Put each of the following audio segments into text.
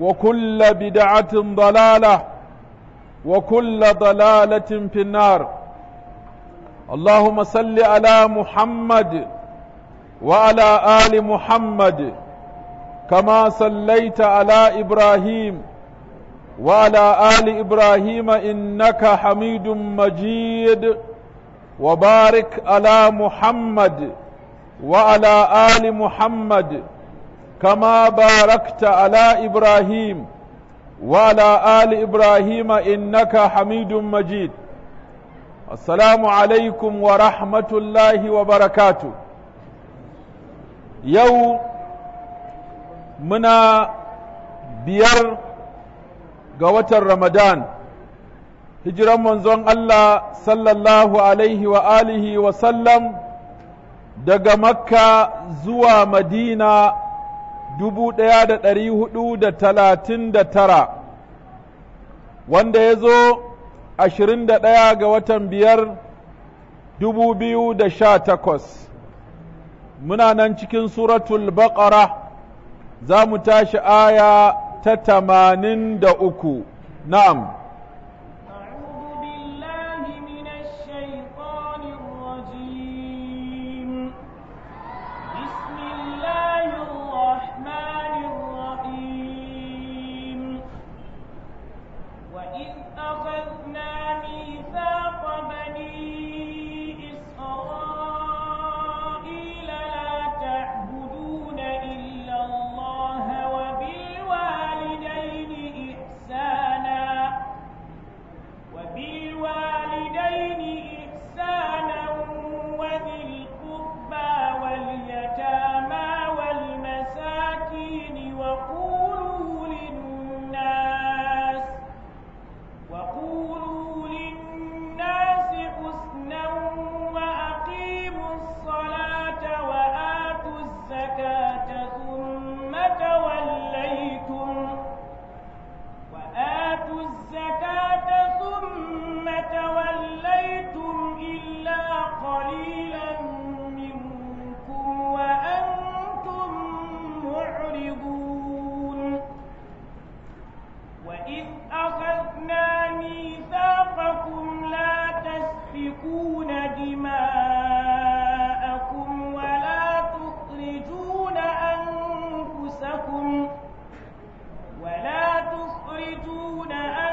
وكل بدعة ضلالة وكل ضلالة في النار اللهم صل على محمد وعلى آل محمد كما صليت على إبراهيم وعلى آل إبراهيم إنك حميد مجيد وبارك على محمد وعلى آل محمد كما باركت على إبراهيم وعلى آل إبراهيم إنك حميد مجيد السلام عليكم ورحمة الله وبركاته يوم منا بير قوة رمضان هجرا منزون الله صلى الله عليه وآله وسلم دق مكة زوى مدينة dubu ɗaya da ɗari hudu da talatin da tara wanda ya zo ashirin da ɗaya ga watan biyar dubu biyu da sha takwas muna nan cikin suratul baƙara za mu tashi aya ta tamanin da uku na'am يَتَّبِعُونَ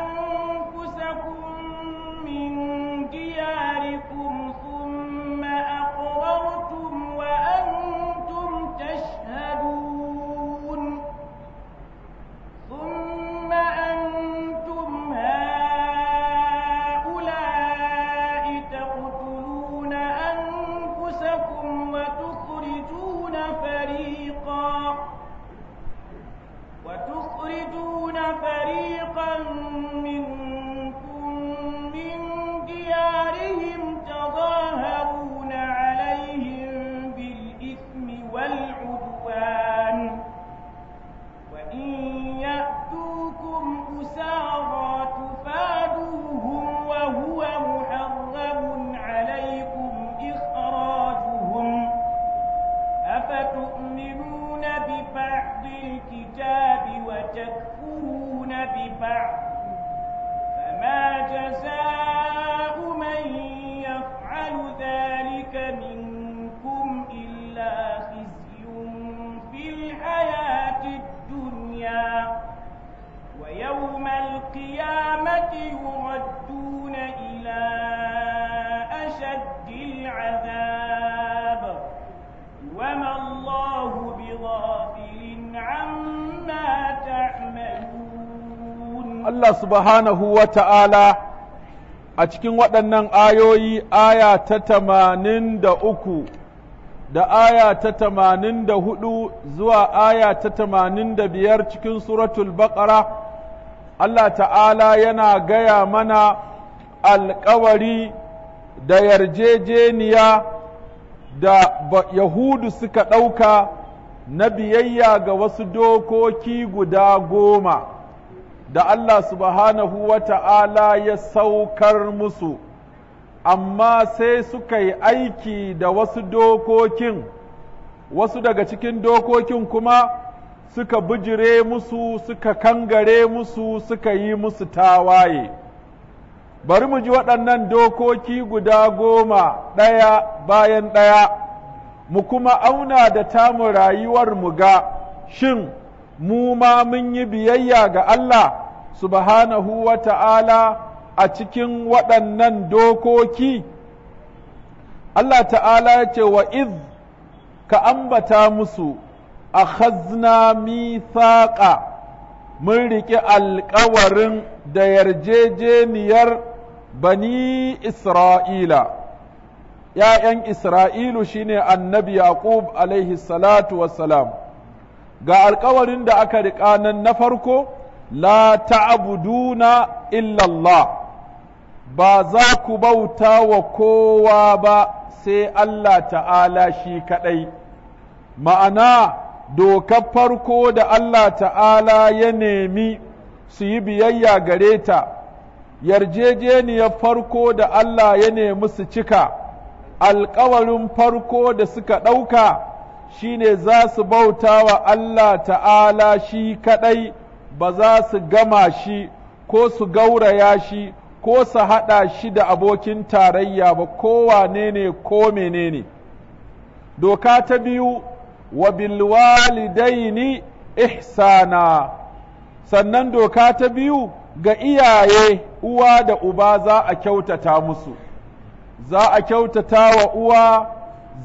Allah subhanahu wa ta'ala a cikin waɗannan ayoyi aya ta tamanin da uku da aya ta tamanin da hudu zuwa aya ta tamanin da biyar cikin suratul baƙara Allah ta'ala yana gaya mana alƙawari da yarjejeniya da Yahudu suka ɗauka na biyayya ga wasu dokoki guda goma. da Allah subhanahu wa ta'ala ya saukar musu, amma sai suka yi aiki da wasu dokokin, wasu daga cikin dokokin kuma suka bijire musu, suka kangare musu, suka yi musu tawaye. Bari mu ji waɗannan dokoki guda goma ɗaya bayan ɗaya, mu kuma auna da tamu rayuwar mu ga shin mu ma mun yi biyayya ga Allah subhanahu wa ta'ala a cikin waɗannan dokoki, Allah ta'ala ya ce wa iz ka ambata musu a khazna mithaqa mun riƙe alƙawarin da yarjejeniyar bani Isra'ila. ‘Ya'yan Isra'ilu shine annabi Yaqub alaihi salatu wassalam. ga alkawarin da aka riƙa nan na farko la ta'buduna illallah ba za ku bauta wa kowa ba sai Allah ta'ala shi kaɗai ma'ana dokar farko da Allah ta'ala ya nemi su yi biyayya gare ta yarjejeniyar farko da Allah ya nemi su cika alƙawarin farko da suka ɗauka Shi ne za su bauta wa Allah ta'ala shi kaɗai ba za su gama shi ko su gauraya shi ko su haɗa shi da abokin tarayya ba kowane ne ko menene doka ta biyu wa bilwalidaini ihsana sannan doka ta biyu ga iyaye uwa da uba za a kyautata musu za a kyautata wa uwa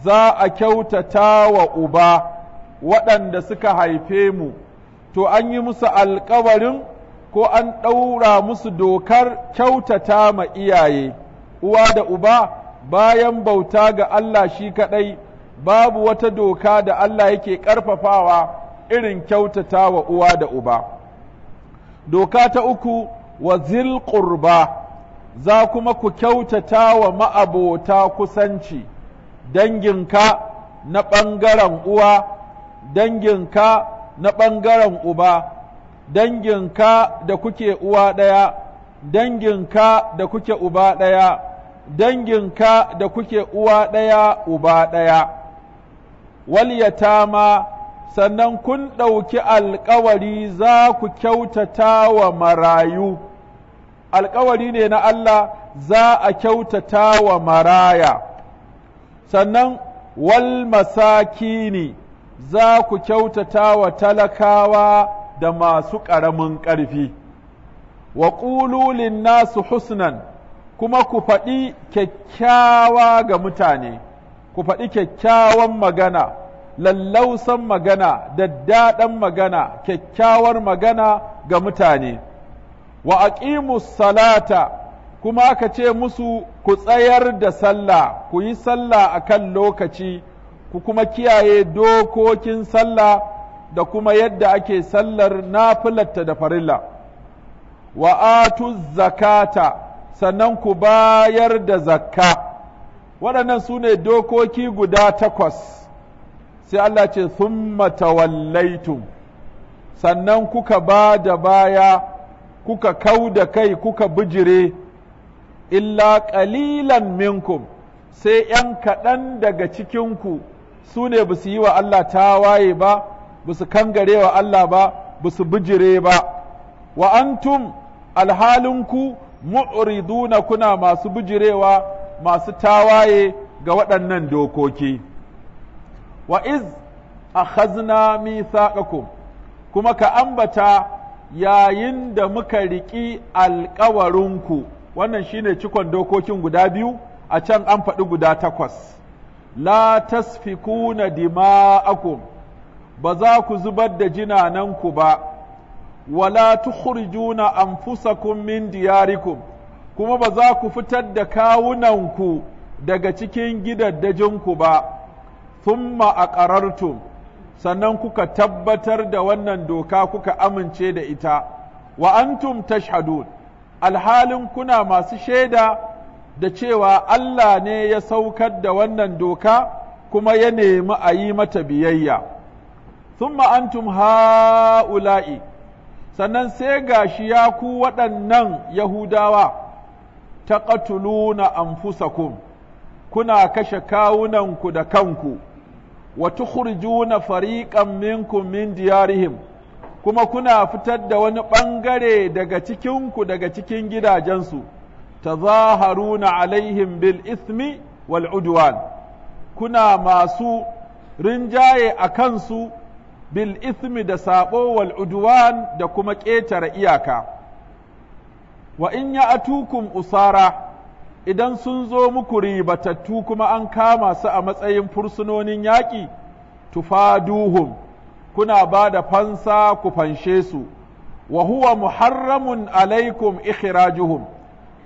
za a kyautata wa uba waɗanda suka haife mu, to an yi musu alkawarin ko an ɗaura musu dokar kyautata ma iyaye, uwa da uba bayan bauta ga Allah shi kaɗai, babu wata doka da Allah yake ƙarfafawa irin kyautata wa uwa da uba. Doka ta uku wa zil ƙurba, za kuma ku kyautata wa ma'abota kusanci, danginka na ɓangaren uwa danginka na ɓangaren uba danginka da kuke uwa ɗaya danginka da kuke uba ɗaya danginka da kuke uwa ɗaya uba ɗaya walyatama sannan kun ɗauki alkawari za ku kyautata wa marayu alkawari ne na Allah za a kyautata wa maraya sannan wal ne, za ku kyautata wa talakawa da masu ƙaramin ƙarfi wa ƙululin nasu husnan kuma ku faɗi kyakkyawa ga mutane ku faɗi kyakkyawan magana lallausan magana daddaɗan magana kyakkyawar magana ga mutane wa aqimus salata kuma aka ce musu ku tsayar da sallah ku yi sallah a kan lokaci ku kuma kiyaye dokokin sallah da kuma yadda ake sallar na filatta da farilla Wa'atu zakata sannan ku bayar da zakka waɗannan su ne dokoki guda takwas sai Allah ce sun matawallaitu sannan kuka ba da baya kuka kau da kai kuka bijire illa ƙalilan minkum sai ‘yan kaɗan daga cikinku su ne ba yi wa Allah tawaye ba, ba su kangare wa Allah ba, ba su bijire ba, wa antum alhalinku mu'riduna kuna masu bijirewa masu tawaye ga waɗannan dokoki. Wa iz akhazna mithaqakum kuma ka ambata yayin da muka riƙi alƙawarinku. wannan shine cikon dokokin guda biyu a can an faɗi guda takwas la tasfikuna dima'akum ba za ku zubar da jinananku ba wala tukhrijuna anfusakum min diyarikum kuma ba za ku fitar da kawunanku daga cikin gidan gidaddajinku ba a aqarartum sannan kuka tabbatar da wannan doka kuka amince da ita wa antum tashhadun alhalin kuna masu shaida da cewa Allah ne ya saukar da wannan doka kuma ya nemi a yi mata biyayya. Sun antum ha'ula'i, sannan sai gashi ya ku waɗannan Yahudawa, ta ƙatuluna anfusakum, kuna kashe kawunanku da kanku, wa tukhrijuna fariƙan minkum min diyarihim. kuma kuna fitar da wani ɓangare daga cikinku daga cikin gidajensu, ta zaharuna alaihim bil ismi wal udwan kuna masu rinjaye a kansu bil ismi da saɓo wal udwan da kuma ƙetare iyaka. Wa in ya atukum usara, idan sun zo muku ribatattu kuma an kama su a matsayin fursunonin yaƙi, tufaduhum. kuna ba da fansa ku fanshe su wa huwa muharramun alaikum ikhrajuhum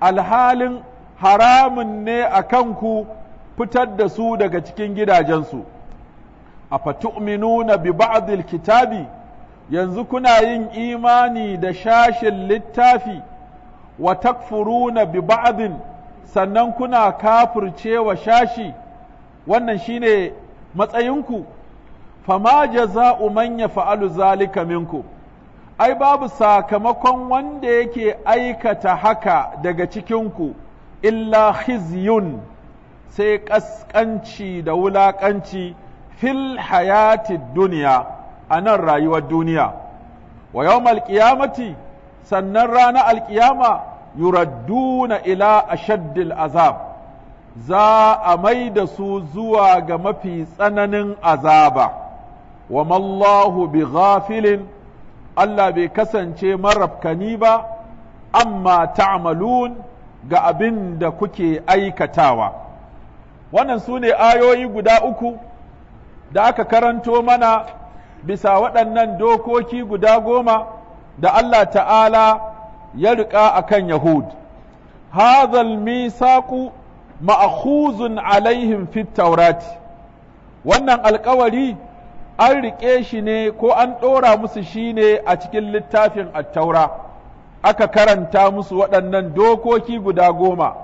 alhalin haramun ne a kanku fitar da su daga cikin gidajensu a na bi ba'dil kitabi yanzu kuna yin imani da shashin littafi wa takfuruna bi ba'din sannan kuna kafircewa shashi wannan shine matsayinku fama jaza'u man yaf'alu zalika minkum ai babu sakamakon wanda yake aikata haka daga cikinku illa khizyun sai ƙasƙanci da wulaƙanci fil hayati duniya a nan rayuwar duniya wa yawm alqiyamati sannan rana alƙiyama na ila ashaddil azab za a mai da su zuwa ga mafi tsananin azaba wa mallahu bi Allah bai kasance marafkani ba amma ta'malun ga abin da kuke aikatawa wannan su ne ayoyi guda uku da aka karanto mana bisa waɗannan dokoki guda goma da Allah ta'ala ya riƙa a kan Yahud. Hazal misaku ma'akhuzun alaihim fit taurati, wannan alkawari an riƙe shi ne ko an ɗora musu shi ne a cikin littafin attaura aka karanta musu waɗannan dokoki guda goma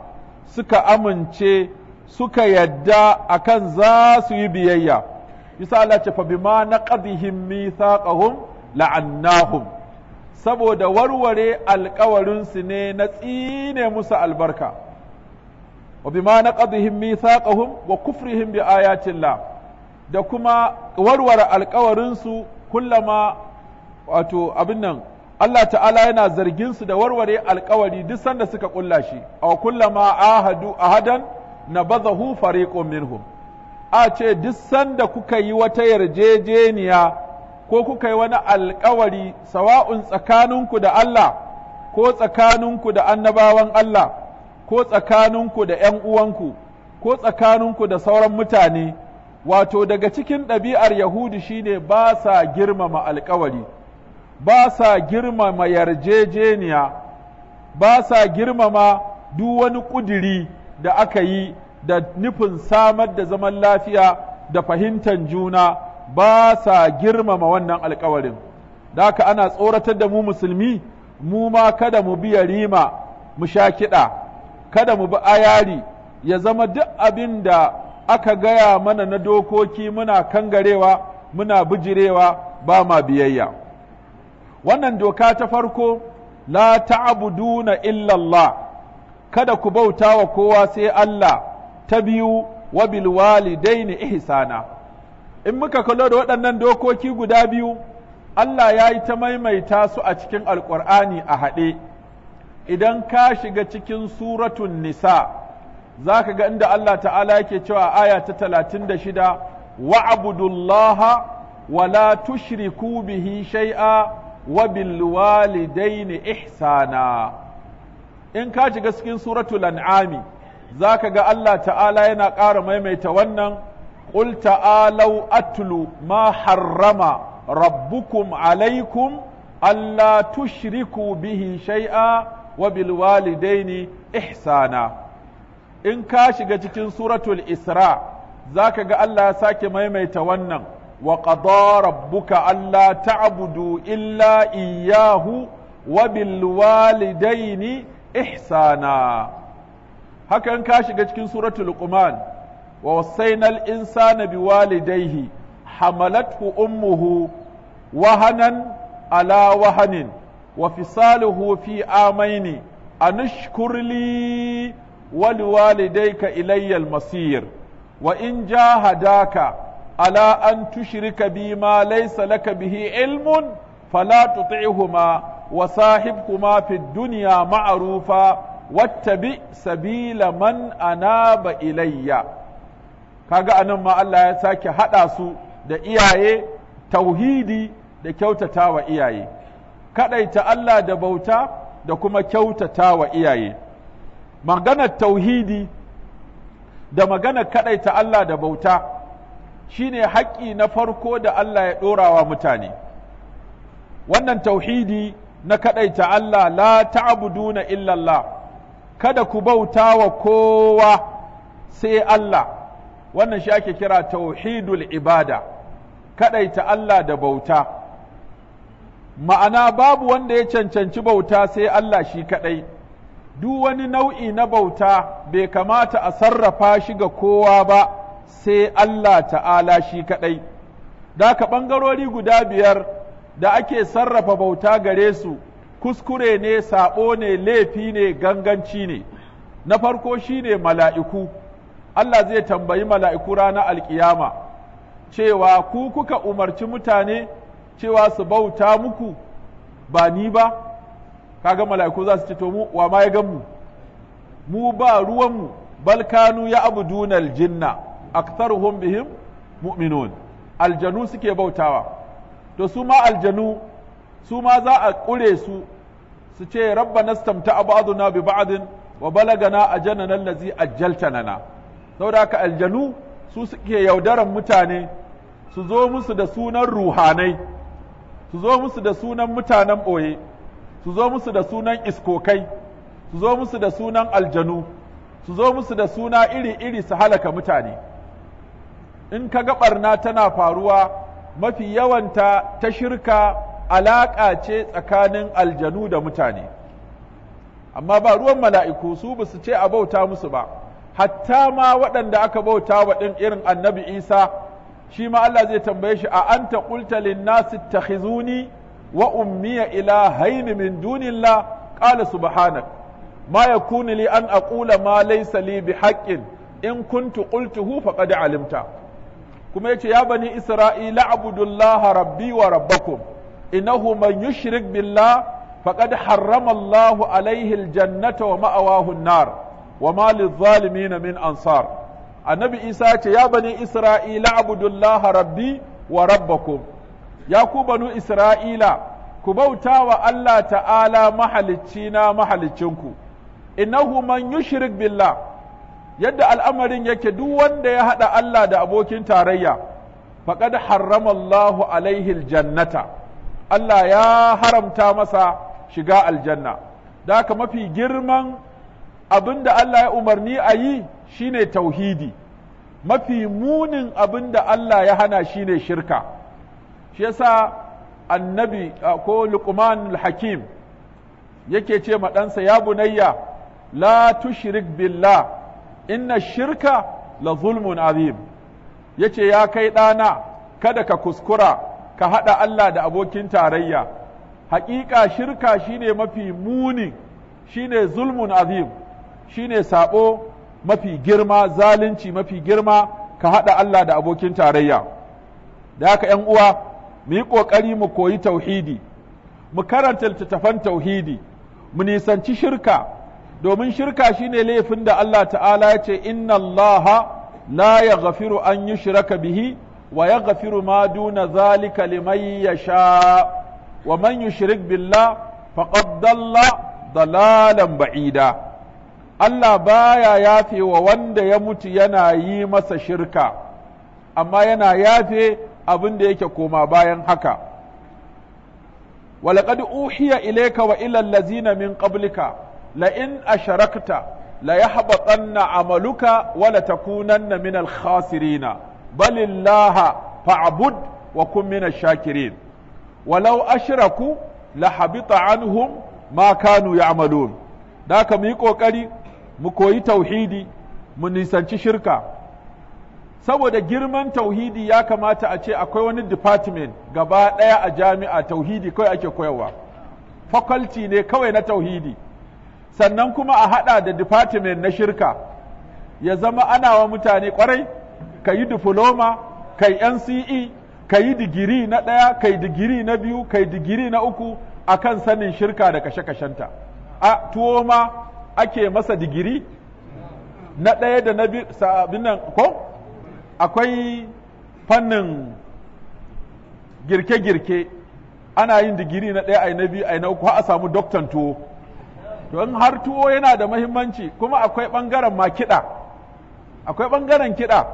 suka amince suka yadda akan za su yi biyayya bisa Allah ce fa bima na naqadihim mithaqahum la'annahum saboda warware alƙawarinsu ne na tsine musu albarka wa bima na naqadihim mithaqahum wa kufrihim bi ayatillah da kuma warware alkawarinsu kullama wato abin nan Allah ta'ala yana zargin su da warware alkawari duk sanda suka kulla shi aw kullama ahadu ahadan nabadahu fariqun minhum a ce duk sanda kuka yi wata yarjejeniya ko kuka yi wani alkawari sawa'un tsakaninku da Allah ko tsakaninku da annabawan Allah ko tsakaninku da ƴan uwanku ko tsakaninku da sauran mutane’ wato daga cikin ɗabi'ar Yahudi shine ba sa girmama alkawari, ba sa girmama yarjejeniya, ba sa girmama duk wani ƙudiri da aka yi da nufin samar da zaman lafiya da fahimtar juna ba sa girmama wannan alkawarin. Da haka ana tsoratar da mu musulmi, mu ma kada mu bi rima, mu sha kiɗa, kada mu bi ayari, ya zama duk abin da aka gaya mana na dokoki muna kangarewa muna bijirewa ba ma biyayya wannan doka ta farko la ta'buduna illa Allah kada ku bauta wa kowa sai Allah ta biyu wa bil walidaini ihsana in muka kalo da waɗannan dokoki guda biyu Allah ya yi ta maimaita su a cikin alƙur'ani a haɗe idan ka shiga cikin suratun nisa za ka ga inda Allah ta'ala yake cewa aya ta talatin da shida wa abudullaha wa la tushriku bihi shai'a wa bilwalidaini ihsana in ka shiga cikin suratul an'ami za ka ga Allah ta'ala yana ƙara maimaita wannan qul ta'alau atlu ma harrama rabbukum alaikum alla tushriku bihi shai'a wa bilwalidaini ihsana in ka shiga cikin suratul isra za ka ga Allah ya sake maimaita wannan wa qada rabbuka alla ta'budu illa iyyahu wa bil walidaini ihsana haka in ka shiga cikin suratul luqman wa wasainal insana bi walidayhi hamalathu ummuhu wahanan ala wahanin wa fisaluhu fi amaini a li ولوالديك إلي المصير وإن جاهداك على أن تشرك بي ما ليس لك به علم فلا تطعهما وصاحبكما في الدنيا معروفا واتبع سبيل من أناب إلي ga anan ma Allah ya sake haɗa su da iyaye tauhidi da kyautata wa iyaye kaɗaita Allah da bauta da kuma kyautata wa iyaye maganar tauhidi da maganar kaɗaita Allah da bauta shine haƙƙi na farko da Allah ya ɗorawa mutane wannan tauhidi na kaɗaita Allah la ta'buduna illallah kada ku bauta wa kowa sai Allah wannan shi ake kira tauhidul ibada kaɗaita Allah da bauta ma'ana babu wanda ya cancanci bauta sai Allah shi kaɗai duk wani nau'i na bauta bai kamata a sarrafa shi ga kowa ba sai Allah ta'ala shi kaɗai. Da ka ɓangarori guda biyar da ake sarrafa bauta gare su kuskure ne, saɓo ne, laifi ne, ganganci ne. Na farko shi ne mala'iku, Allah zai tambayi mala'iku rana alƙiyama, cewa ku kuka umarci mutane cewa su bauta muku ba ni ba. kaga mala'iku za su ce to mu wa ma ya gan mu mu ba ruwan mu bal kanu ya abuduna aljinna aktharuhum bihim mu'minun aljanu suke bautawa to su ma aljanu su ma za a kure su su ce rabbana stamta ba'duna bi ba'din wa balagana ajanana allazi ajjaltanana saboda haka aljanu su suke yaudaran mutane su zo musu da sunan ruhanai su zo musu da sunan mutanen ɓoye su zo musu da sunan iskokai su zo musu da sunan aljanu su zo musu da suna iri-iri su halaka mutane in ka ga barna tana faruwa mafi yawanta ta shirka alaƙa ce tsakanin aljanu da mutane amma ba ruwan mala'iku su ba su ce a bauta musu ba hatta ma waɗanda aka bauta wa ɗin irin annabi isa shi ma Allah zai tambaye shi a anta ƙultalin nasu ta takhizuni wa ummiya ila haini min dunillah qala subhanak ma yakunu li an aqula ma laysa li bihaqqin in kuntu qultuhu faqad alimta kuma yace ya bani isra'ila abudullaha rabbi wa rabbakum innahu man yushrik billah faqad harrama Allahu alaihi aljannata wa ma'awahu an-nar wa ma lidh-dhalimin min ansar annabi isa ce ya bani isra'ila abudullaha rabbi wa rabbakum ya ku banu Isra'ila, ku bauta wa Allah ta'ala mahalicci na mahalicinku, innahu man shirik billah yadda al'amarin yake duk wanda ya haɗa Allah da abokin tarayya, faƙad haramallahu alaihil jannata, Allah ya haramta masa shiga aljanna, da haka mafi girman abin da Allah ya umarni a yi shine tauhidi, mafi munin abin da Allah ya hana shine shirka. shi yasa annabi ko luqman hakim yake ce ma ɗansa ya bunayya la tushrik billah inna shirka la zulmun azim yace ya kai ɗana kada ka kuskura ka haɗa Allah da abokin tarayya haƙiƙa shirka shine mafi muni shine zulmun azim shine sabo mafi girma zalunci mafi girma ka haɗa Allah da abokin tarayya da haka ‘yan uwa mu yi ƙoƙari mu koyi tauhidi mu karanta littattafan tauhidi mu nisanci shirka domin shirka shine laifin da Allah ta'ala ya ce inna Allah la yaghfiru an yushraka bihi wa yaghfiru ma duna zalika liman yasha wa man yushrik billah faqad dalla dalalan ba'ida Allah baya yafe wa wanda ya mutu yana yi masa shirka amma yana yafe abin da yake koma bayan haka walaqad uhiya ilayka wa ila allazina min qablika la amaluka wa la takunanna khasirina balillaha fa'bud wa kun shakirin walau ashraku la anhum ma kanu ya'malun mu koyi tauhidi mu nisanci shirka saboda girman tauhidi ya kamata a ce akwai wani department gaba ɗaya a jami'a tauhidi kawai ake koyarwa faculty ne kawai na tauhidi sannan kuma a haɗa da department na shirka ya zama ana wa mutane kwarai ka yi diploma ka yi nce ka yi digiri na ɗaya ka yi digiri na biyu ka yi digiri na uku akan sanin shirka da kashe-kashenta a tuwo ma ake masa digiri na ɗaya da na biyu ko akwai fannin girke-girke ana yin digiri na ɗaya ai na biyu ai na uku a samu doktan tuwo to in har tuwo yana da mahimmanci kuma akwai ɓangaren ma kiɗa akwai ɓangaren kiɗa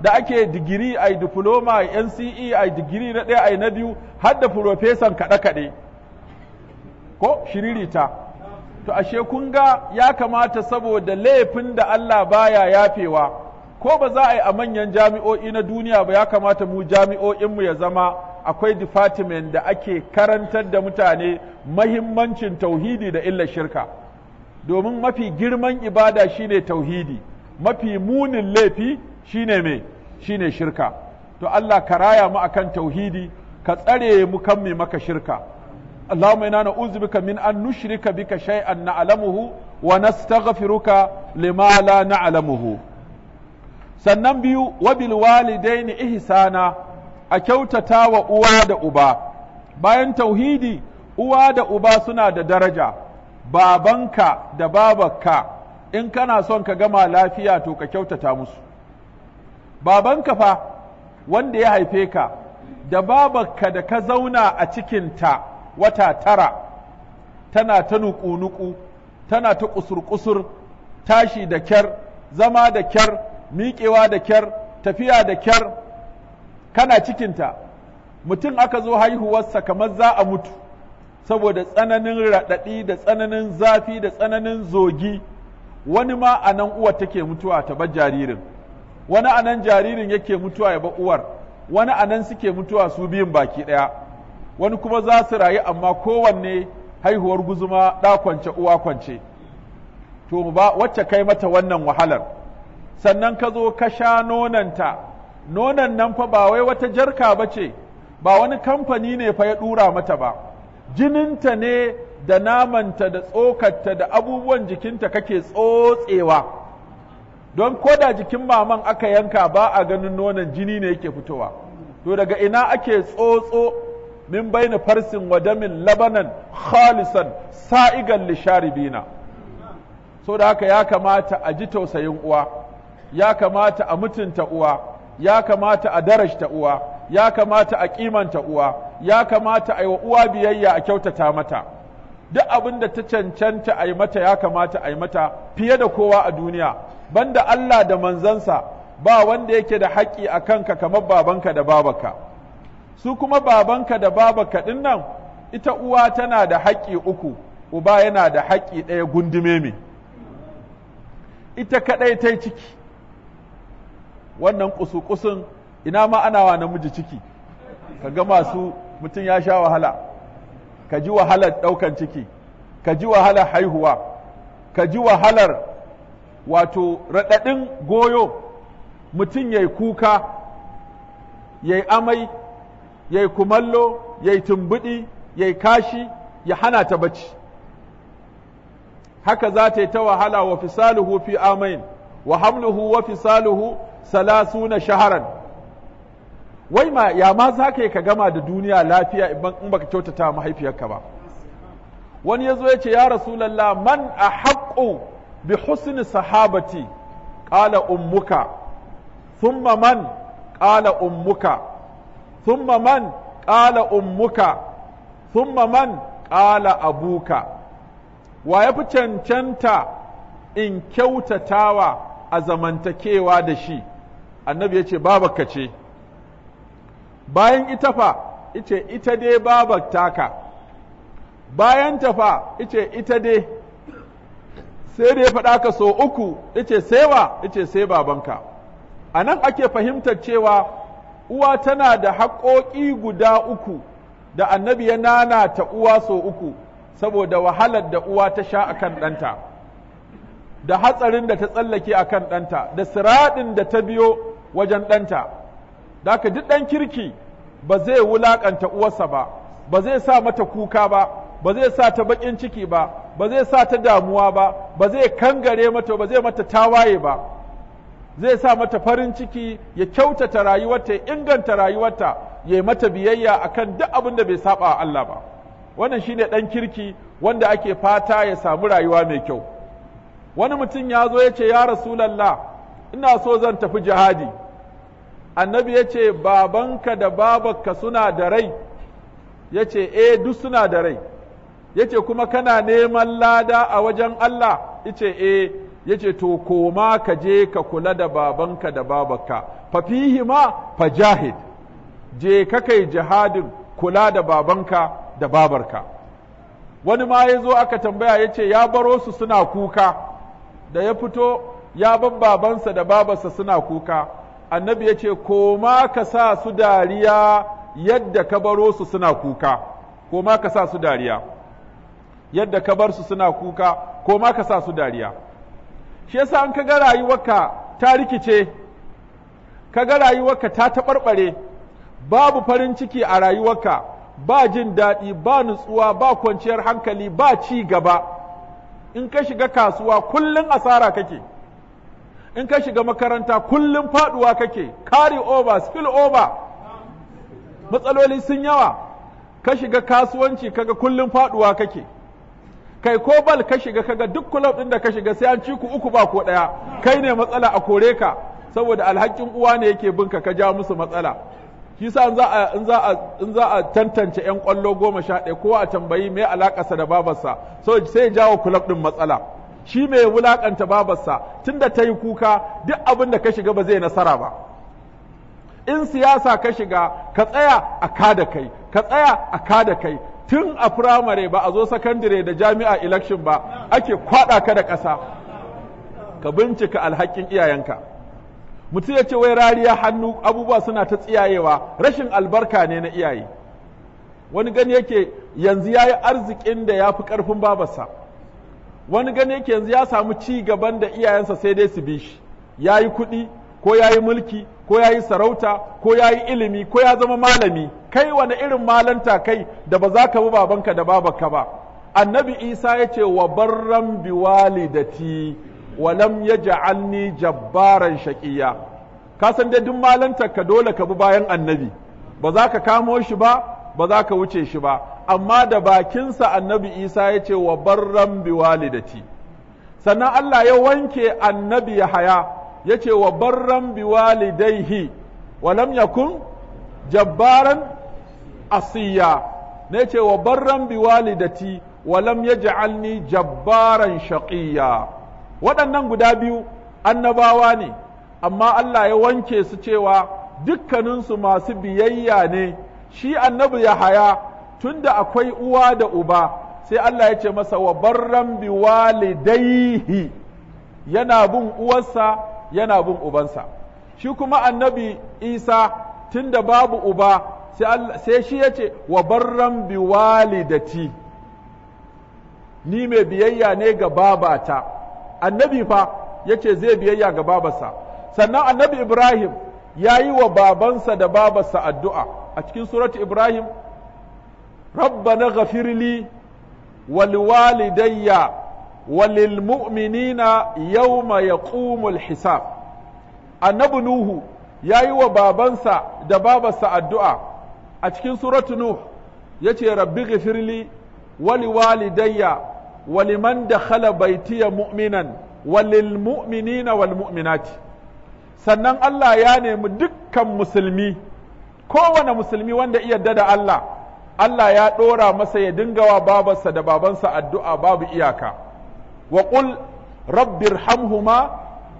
da ake digiri ai diploma ai nce ai digiri na ɗaya ai na biyu har da profesan kaɗe-kaɗe ko shiririta to ashe kun ga ya kamata saboda laifin da Allah baya yafewa ko ba za a yi a manyan jami'o'i na duniya ba ya kamata mu jami'o'inmu ya zama akwai department da ake karantar da mutane mahimmancin tauhidi da illa shirka domin mafi girman ibada shine tauhidi mafi munin laifi shine me shine shirka to Allah ka raya mu akan tauhidi ka tsare mu kan mai maka shirka Allahumma inna na'udzu bika min an nushrika bika na alamuhu wa nastaghfiruka lima la alamuhu. sannan biyu wabil walidaini ihsana a kyautata wa uwa da uba bayan tauhidi uwa da uba suna da daraja babanka da babarka in kana son ka gama lafiya to ka kyautata musu babanka fa wanda ya haife ka da babarka da ka zauna a cikinta wata tara tana ta nuku-nuku tana ta kusur-kusur tashi da kyar zama da kyar miƙewa da kyar tafiya da kyar kana cikinta mutum aka zo haihuwarsa kamar za a mutu saboda tsananin raɗaɗi da tsananin zafi da tsananin zogi wani ma a nan uwar take mutuwa ta bar jaririn wani a nan jaririn yake mutuwa ya bar uwar wani a nan suke mutuwa su biyun baki ɗaya wani kuma za su rayu amma kowanne haihuwar guzuma ɗa kwance uwa kwance to ba wacce kai mata wannan wahalar sannan ka zo ka sha nonanta nonan nan fa ba wai wata jarka ba ce ba wani kamfani ne fa ya ɗura mata ba jininta ne da namanta da tsokarta da abubuwan jikinta kake tsotsewa don koda jikin maman aka yanka ba a ganin nonon jini ne yake fitowa to daga ina ake tsotso min baina farsin wadamin labanan khalisan sa'igan lisharibina so da haka ya kamata a ji tausayin uwa ya kamata a mutunta uwa ya kamata a darajta uwa ya kamata a kimanta uwa ya kamata a yi wa uwa biyayya a kyautata mata duk abin da ta cancanta a yi mata ya kamata a yi mata fiye da kowa a duniya banda Allah da manzansa ba wanda yake da haƙƙi a kanka kamar babanka da babaka su kuma babanka da babaka ɗin nan ita uwa tana da haƙƙi uku uba yana da haƙƙi ɗaya gundume me ita kaɗai ta ciki wannan kusu-kusun ina ma ana wa namiji ciki ka ga masu mutum ya sha wahala ka ji wahalar ɗaukan ciki ka ji wahalar haihuwa ka ji wahalar wato raɗaɗin goyo mutum ya kuka ya yi amai ya yi kumallo ya yi tumbuɗi ya yi kashi ya hana ta bacci haka za ta yi ta wahala wa fi saluhu fi amain wa hamluhu wa fi saluhu salasuna shaharan wai ma ya ma za ka yi ka gama da duniya lafiya in baka kyautata mahaifiyarka ba wani ya zo ya ce ya rasulallah man a haƙo bi husni sahabati ƙala ummuka thumma man ƙala ummuka thumma man ƙala ummuka thumma man ƙala abuka wa ya fi cancanta in kyautatawa a zamantakewa da shi annabi ya ce babakka ce bayan ita fa ice ita dai babak taka bayan ta fa ice ita dai sai da ya faɗa ka so uku ice sai wa ice sai babanka a nan ake fahimtar cewa uwa tana da haƙoƙi guda uku da annabi ya nana ta uwa so uku saboda wahalar da uwa ta sha akan ɗanta da hatsarin da ta tsallake akan ɗanta da siraɗin da ta biyo wajen ɗanta da ka duk ɗan kirki ba zai wulaƙanta uwarsa ba ba zai sa mata kuka ba ba zai sa ta baƙin ciki ba ba zai sa ta damuwa ba ba zai kangare mata ba zai mata tawaye ba zai sa mata farin ciki ya kyautata rayuwarta ya inganta rayuwarta ya yi mata biyayya akan duk abin da bai saba wa Allah ba wannan shine ɗan kirki wanda ake fata ya samu rayuwa mai kyau wani mutum ya zo ya ce ya rasulallah ina so zan tafi jihadi annabi ya ce babanka da babanka suna da rai ya ce eh duk suna da rai ya ce kuma kana neman lada a wajen Allah ya ce eh ya ce to koma ka je ka kula da babanka da babanka fafihi ma fa jahid. je ka kai jihadin kula da babanka da babarka wani ma ya zo aka tambaya ya ce ya baro su suna kuka da ya fito ya bar babansa da babarsa suna kuka annabi ya ce koma ka sa su dariya yadda ka baro su suna kuka koma ka sa su dariya yadda ka bar su suna kuka koma ka sa su dariya shi yasa an ka ga rayuwarka ta rikice ka ga rayuwarka ta taɓarɓare babu farin ciki a rayuwarka ba jin daɗi ba nutsuwa ba kwanciyar hankali ba ci gaba in ka shiga kasuwa kullum asara kake in ka shiga makaranta kullum faduwa kake carry over spill over matsaloli sun yawa ka shiga kasuwanci kaga kullum faduwa kake kai ko bal ka shiga kaga duk club din da ka shiga sai an ci ku uku ba ko daya kai ne matsala a kore ka saboda alhakin uwa ne yake binka ka ja musu matsala shi sa in za a in za a in za a tantance yan kwallo goma sha ɗaya kowa a tambayi me alakarsa da babarsa so sai ya jawo club din matsala shi mai wulakanta babarsa tunda ta yi kuka duk abin da ka shiga ba zai nasara ba in siyasa ka shiga ka tsaya a kada kai ka tsaya a kada kai tun a firamare ba a zo sakandire da jami'a election ba ake kwada ka da ƙasa ka bincika alhakin iyayenka mutum ya ce wai rariya hannu abubuwa suna ta tsiyayewa rashin albarka ne na iyaye wani gani yake yanzu ya yi arzikin da ya fi ƙarfin babarsa wani gane yake yanzu ya samu ci gaban da iyayensa sai dai su bi shi ya yi kuɗi ko ya yi mulki ko ya yi sarauta ko ya yi ilimi ko ya zama malami kai wani irin malanta kai da ba za ka bi babanka da babanka ba annabi isa ya ce wa barran bi walidati wa lam yaj'alni jabbaran shaqiya ka san dai duk malantar ka dole ka bi bayan annabi ba za ka kamo shi ba ba za ka wuce shi ba amma da bakinsa annabi isa ya ce wa barran da ti sannan Allah ya wanke annabi Yahaya ya ce wa barran dai hi wa lam yakun jabbaran asiya ne ce wa barran bi walam wa lam al'ni jabbaran shaƙiya. waɗannan guda biyu annabawa ne amma Allah ya wanke su cewa dukkaninsu masu biyayya ne shi annabi Yahaya tunda akwai uwa da uba sai Allah ya ce masa wa barran bi walidaihi yana bin uwarsa yana bin ubansa shi kuma annabi Isa tunda babu uba sai shi ya ce wa barran bi walidati ni mai biyayya ne ga babata annabi fa ya ce zai biyayya ga babarsa sannan annabi Ibrahim ya yi wa babansa da babarsa addu'a a cikin suratu Ibrahim rabbana ghafirli wal walidayya walil mu'minina yawma yaqumul hisab annabi nuhu yayi wa babansa da babarsa addu'a a cikin suratu nuh ce rabbi ghafirli wal wali waliman dakhala baitiya mu'minan walil mu'minina wal mu'minati sannan Allah ya nemi dukkan musulmi kowane musulmi wanda iya da Allah Allah ya ɗora masa ya dinga wa babarsa da babansa addu'a babu iyaka wa qul rabbir hamhuma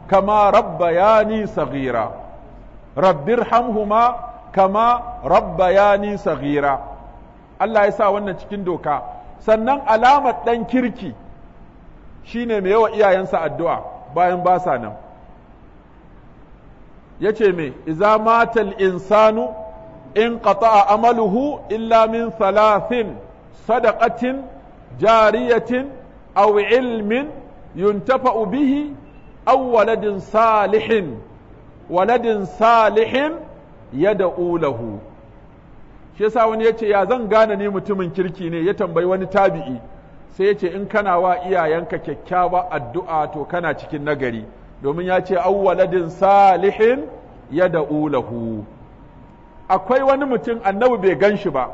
kama rabbayani saghira rabbir hamhuma kama rabbayani saghira Allah ya sa wannan cikin doka sannan alamar ɗan kirki shine mai yawa iyayensa addu'a bayan basa nan. nan yace me iza matal insanu in qata'a amaluhu illa min thalathin sadaqatin jariyatin aw ilmin yuntafa'u bihi aw waladin salihin waladin salihin yad'u lahu shi yasa wani yace ya zan gane ni mutumin kirki ne ya tambayi wani tabi'i sai yace in kana wa iyayenka kyakkyawa addu'a to kana cikin nagari domin yace ce waladin salihin yad'u lahu akwai wani mutum annabi bai gan shi ba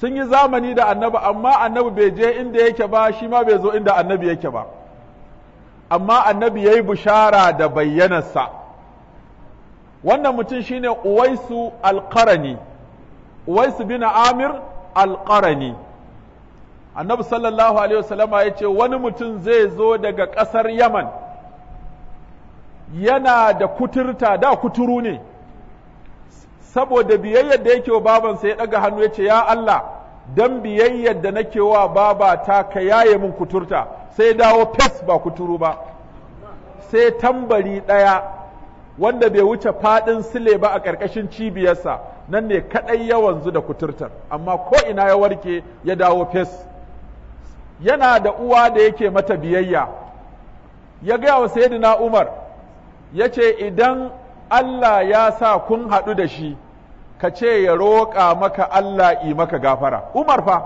sun yi zamani da annabi amma annabi bai je inda yake ba shi ma bai zo inda annabi yake ba amma annabi ya yi bushara da bayyanarsa wannan mutum shine uwaisu alƙarani uwaisu bin amir alƙarani annabi sallallahu alaihi wasallama ya ce wani mutum zai zo daga ƙasar yaman yana da kuturta da kuturu ne saboda biyayyar da yake wa baban sai ya ɗaga hannu ya ce ya Allah dan biyayyar da nake wa baba ta ka yaye min kuturta sai dawo fes ba kuturu ba sai tambari ɗaya wanda bai wuce faɗin sile ba a ƙarƙashin cibiyarsa nan ne kaɗai ya wanzu da kuturtar amma ko ina ya warke ya dawo fes yana da uwa da yake mata biyayya ya gaya wa sayyidina Umar ya ce idan Allah ya sa kun haɗu da shi ka ce ya roƙa maka Allah yi maka gafara Umar fa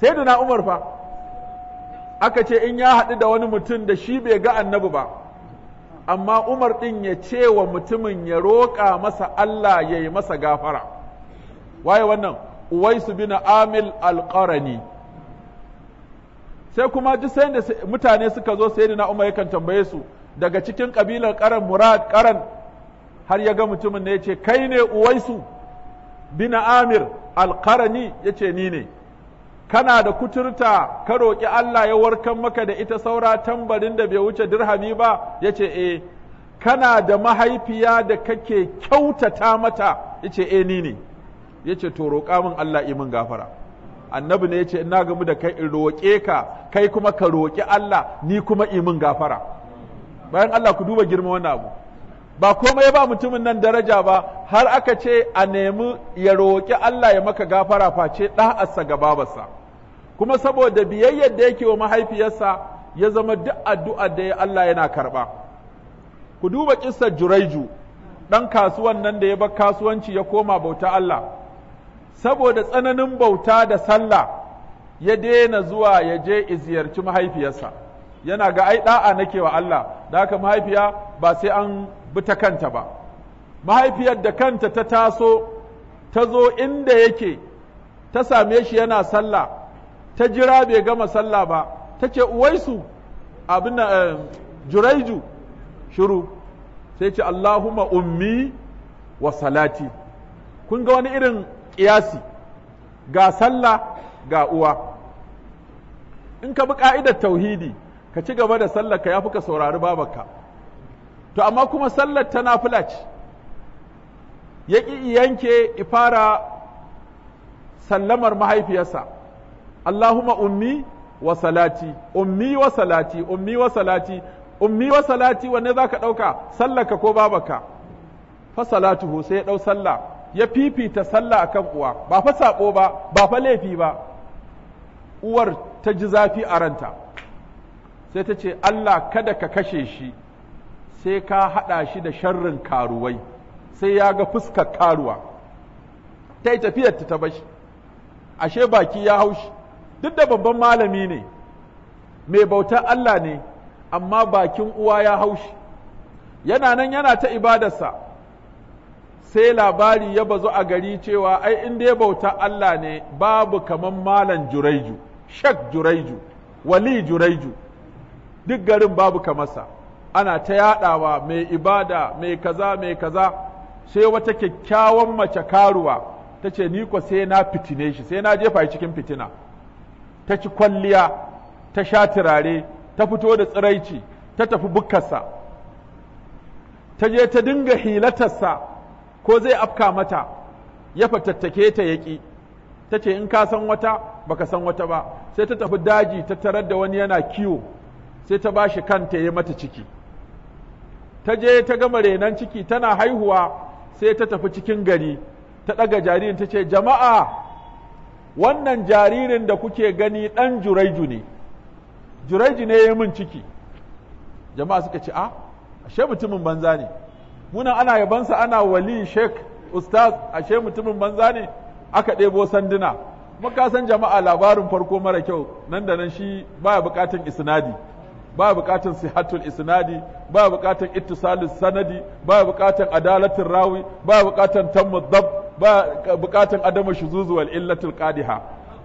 sai duna Umar fa aka ce in ya haɗu da wani mutum da shi bai ga annabi ba amma Umar ɗin ya ce wa mutumin ya roƙa masa Allah ya yi masa gafara waye wannan Uwaisu bin Amil alƙarani sai kuma ji sai da mutane suka zo sai na Umar yakan tambaye su daga cikin ƙabilar ƙaran Murad ƙaran har ya ga mutumin ne ya ce kai ne uwaisu bin amir alqarani ya ce ni ne kana da kuturta ka roƙi Allah ya warkar maka da ita saura tambarin da bai wuce dirhami ba ya ce eh kana da mahaifiya da kake kyautata mata ya ce eh ni ne ya ce to roƙa min Allah yi min gafara annabi ne ya ce ina gamu da kai in roƙe ka kai kuma ka roƙi Allah ni kuma yi min gafara bayan Allah ku duba girma wannan abu ba komai ba mutumin nan daraja ba har aka ce a nemi ya roƙi Allah ya maka gafara face ɗa'arsa ga babarsa kuma saboda biyayyar da yake wa mahaifiyarsa ya zama duk addu'a da ya Allah yana karɓa ku duba kissar Juraiju ɗan kasuwan nan da ya bar kasuwanci ya koma bauta Allah saboda tsananin bauta da sallah ya daina zuwa ya je ziyarci mahaifiyarsa yana ga ai da'a nake wa Allah da haka mahaifiya ba sai an bi kanta ba mahaifiyar da kanta ta taso ta zo inda yake ta same shi yana sallah ta jira bai gama sallah ba ta ce uwaisu abin eh, juraiju shiru sai ce Allahumma ummi wa salati kun ga wani irin ƙiyasi ga sallah ga uwa in ka bi ka'idar tauhidi ka ci gaba da sallah ka yafi ka saurari babarka to amma kuma sallar ta nafila ce ya ƙi yanke ifara sallamar mahaifiyarsa Allahumma ummi wa salati ummi wa salati ummi wa salati ummi wa salati wanne ka ɗauka sallaka ko babaka fa salatuhu sai ya ɗau salla. ya fifita sallah akan uwa ba fa sako ba ba fa laifi ba uwar ta ji zafi a ranta sai ta ce Allah kada ka kashe shi sai ka haɗa shi da sharrin karuwai sai ya ga fuskar karuwa ta yi tafiyar ta bashi ashe baki ya haushi duk da babban malami ne mai bautar Allah ne amma bakin uwa ya haushi yana nan yana ta ibadarsa sai labari ya bazu a gari cewa ai in dai bautar Allah ne babu kaman malam juraiju shak juraiju wali juraiju duk garin babu kamarsa ana ta yaɗawa mai ibada mai kaza mai kaza sai wata kyakkyawan mace karuwa ta ce ni ko sai na fitine shi sai na jefa shi cikin fitina ta ci kwalliya ta sha turare ta fito da tsiraici ta tafi bukkarsa ta je ta dinga hilatarsa ko zai afka mata ya fatattake ta yaƙi ta ce in ka san wata baka san wata ba sai ta tafi daji ta tarar da wani yana kiwo sai ta ba shi kanta ya mata ciki ta je ta gama renon ciki tana haihuwa sai ta tafi cikin gari ta ɗaga jaririn ta ce jama'a wannan jaririn da kuke gani ɗan juraiju ne juraiju ne ya min ciki jama'a suka ce a ashe mutumin banza ne muna ana yabansa ana wali shek ustaz ashe mutumin banza ne aka ɗebo sanduna makasan jama'a labarin farko mara kyau nan da nan shi baya bukatun isnadi ba buƙatar sihatul isnadi ba buƙatar ittisalus sanadi ba buƙatar adalatin rawi ba buƙatar tammu dab ba buƙatar adama shuzuzu wal illatul qadiha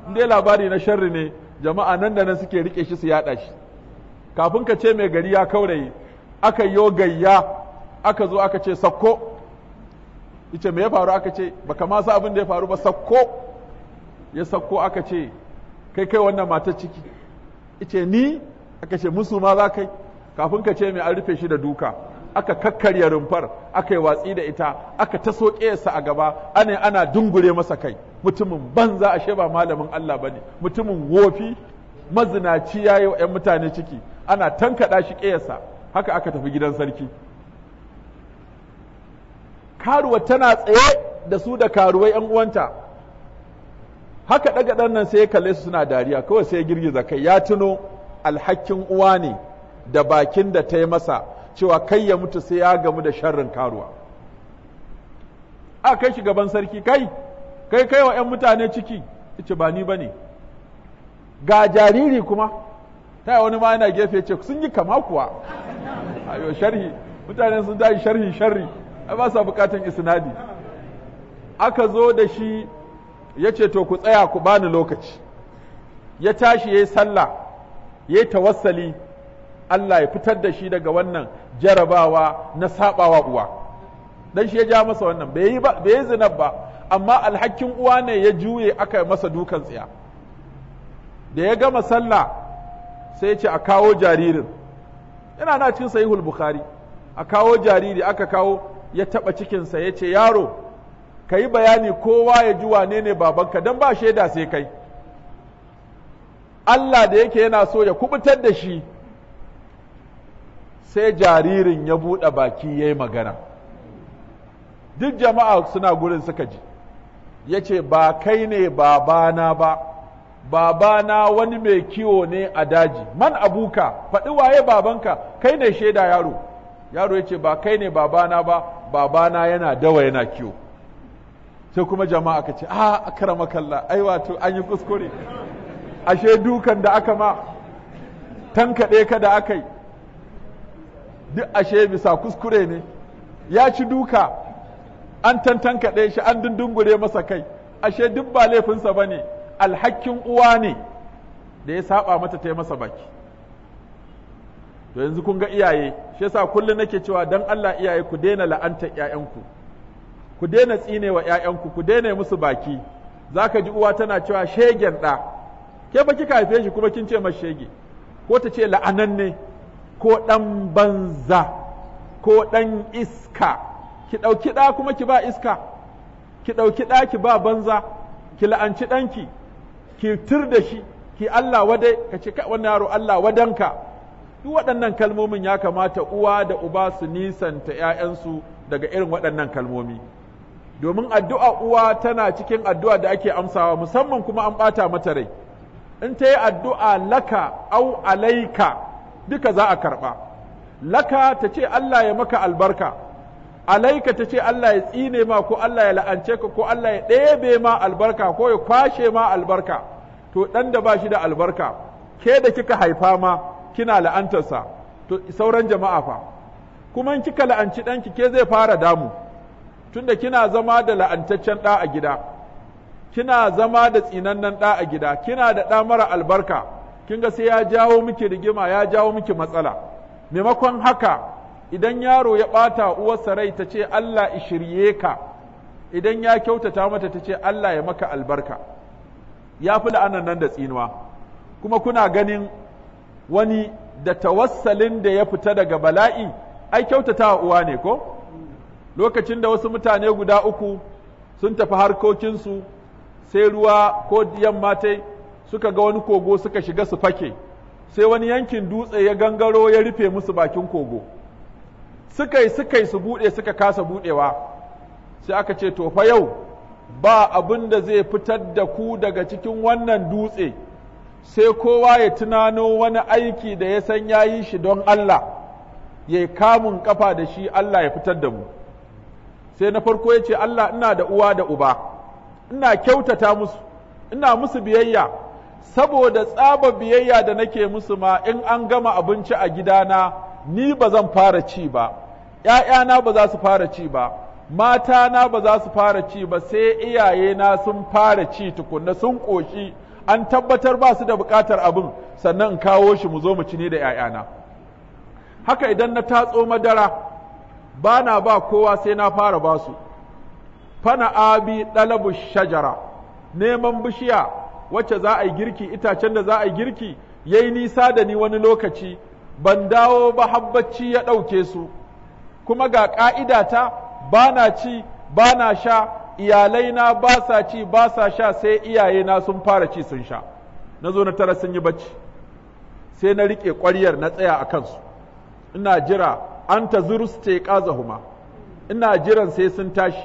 indai labari na sharri ne jama'a nan da nan suke rike shi su yada shi kafin ka ce mai gari ya kauraye aka yo gayya aka zo aka ce sakko ita me ya faru aka ce baka ma abin da ya faru ba sakko ya sakko aka ce kai kai wannan matar ciki ice ni aka ce musu ma za kai kafin ka ce mai an rufe shi da duka aka kakkarya rumfar aka yi watsi da ita aka taso sa a gaba ana ana dungure masa kai mutumin banza ashe ba malamin Allah bane mutumin wofi mazinaci yayi wa 'yan mutane ciki ana tankaɗa shi ƙesa haka aka tafi gidan sarki karuwa tana tsaye da su da karuwai 'yan uwanta haka ɗaga ɗan nan sai ya kalle su suna dariya kawai sai ya girgiza kai ya tuno alhakin uwa ne da bakin da ta yi masa cewa kai ya mutu sai ya gamu da sharrin karuwa a kai shi gaban sarki kai kai kai wa 'yan mutane ciki ce ba ni ba ne ga jariri kuma ta wani ma yana gefe ce sun yi kama kuwa ayo sharhi mutane sun dai sharhi sharri ai ba sa bukatan isnadi aka zo da shi ya ce to ku tsaya ku bani lokaci ya tashi ya yi sallah ya yi tawassali Allah ya fitar da shi daga wannan jarabawa na sabawa uwa dan shi ya ja masa wannan bai yi zinab ba amma alhakin uwa ne ya juye aka masa dukan tsiya da ya gama sallah sai ce a kawo jaririn yana na cikin sahihul bukhari a kawo jariri aka kawo ya taba cikinsa ya ce yaro ka yi bayani kowa ya ji wane ne babanka don ba shaida sai kai Allah da yake yana so ya kubutar da shi sai jaririn ya buɗe baki ya yi magana duk jama'a suna gurin suka ji ya ce ba kai ne babana ba babana wani mai kiwo ne a daji man abuka faɗi waye babanka kai ne shaida yaro yaro ya ce ba kai ne babana ba babana yana dawa yana kiwo sai kuma jama'a ka ce a ah, karamakalla ai wato an yi kuskure ashe dukan da aka ma tankaɗe ka da aka yi duk ashe bisa kuskure ne ya ci duka an tantankaɗe shi an dundungure masa kai ashe duk ba laifinsa ba ne alhakin uwa ne da ya saba mata ta yi masa baki to yanzu kun ga iyaye shi yasa kullum nake cewa dan Allah iyaye ku daina la'anta ƴaƴanku ku daina tsinewa wa ƴaƴanku ku daina musu baki zaka ji uwa tana cewa shegen da ke ba kika haife shi kuma kin ce masa shege ko ta ce la'ananne ko ɗan banza ko ɗan iska ki ɗauki ɗa kuma ki ba iska ki ɗauki ɗa ki ba banza ki la'anci ɗanki ki tur da shi ki Allah wadai ka ce wannan yaro Allah wadanka duk waɗannan kalmomin ya kamata uwa da uba su nisanta ‘ya'yansu daga irin waɗannan kalmomi domin addu'a uwa tana cikin addu'a da ake amsawa musamman kuma an ɓata mata rai in ta yi addu'a laka au alaika duka za a karɓa laka ta ce Allah ya maka albarka alaika ta ce Allah ya tsine ma ko Allah ya la'ance ka ko Allah ya ɗebe ma albarka ko ya kwashe ma albarka to ɗan da ba shi da albarka ke da kika haifa ma kina la'antarsa to sauran jama'a fa kuma in kika la'anci ɗanki ke zai fara damu tunda kina zama da la'antaccen ɗa a gida kina zama da tsinannan ɗa a gida kina da ɗa mara albarka kin ga sai ya jawo miki rigima ya jawo miki matsala maimakon haka idan yaro ya ɓata uwarsa rai ta ce Allah shirye ka idan ya kyautata mata ta ce Allah ya maka albarka ya fi la'anan nan da tsinuwa kuma kuna ganin wani da tawassalin da ya fita daga bala'i ai kyautata wa uwa ne ko lokacin da wasu mutane guda uku sun tafi harkokinsu sai ruwa ko yamma ta suka ga wani kogo suka shiga su fake sai wani yankin dutse ya gangaro ya rufe musu bakin kogo suka yi suka yi su buɗe suka kasa buɗewa sai aka ce to fa yau ba abin da zai fitar da ku daga cikin wannan dutse sai kowa ya tunano wani aiki da ya san ya yi shi don Allah ya yi kamun kafa da shi Allah ya fitar da mu sai na farko ya ce Allah ina da uwa da uba ina kyautata musu ina musu biyayya saboda tsaba biyayya da nake musu ma in an gama abinci a gidana ni ba zan fara ci ba ‘ya'yana ba za su fara ci ba matana ba za su fara ci ba sai iyaye na sun fara ci tukunna sun ƙoshi an tabbatar ba su da buƙatar abin sannan in kawo shi mu zo mu ci ne da ‘ya'yana haka idan na tatso madara ba na ba kowa sai na fara ba su fana abi ɗalabu shajara neman bishiya wacce za a yi girki itacen da za a yi girki ya yi nisa da ni wani lokaci ban dawo ba habbaci ya ɗauke su kuma ga ka'ida ta bana ci bana na sha na ba sa ci ba sa sha sai iyaye na sun fara ci sun sha na zo na tara sun yi bacci sai na riƙe ƙwaryar na tsaya a kansu ina jira an ta zuru su ina jiran sai sun tashi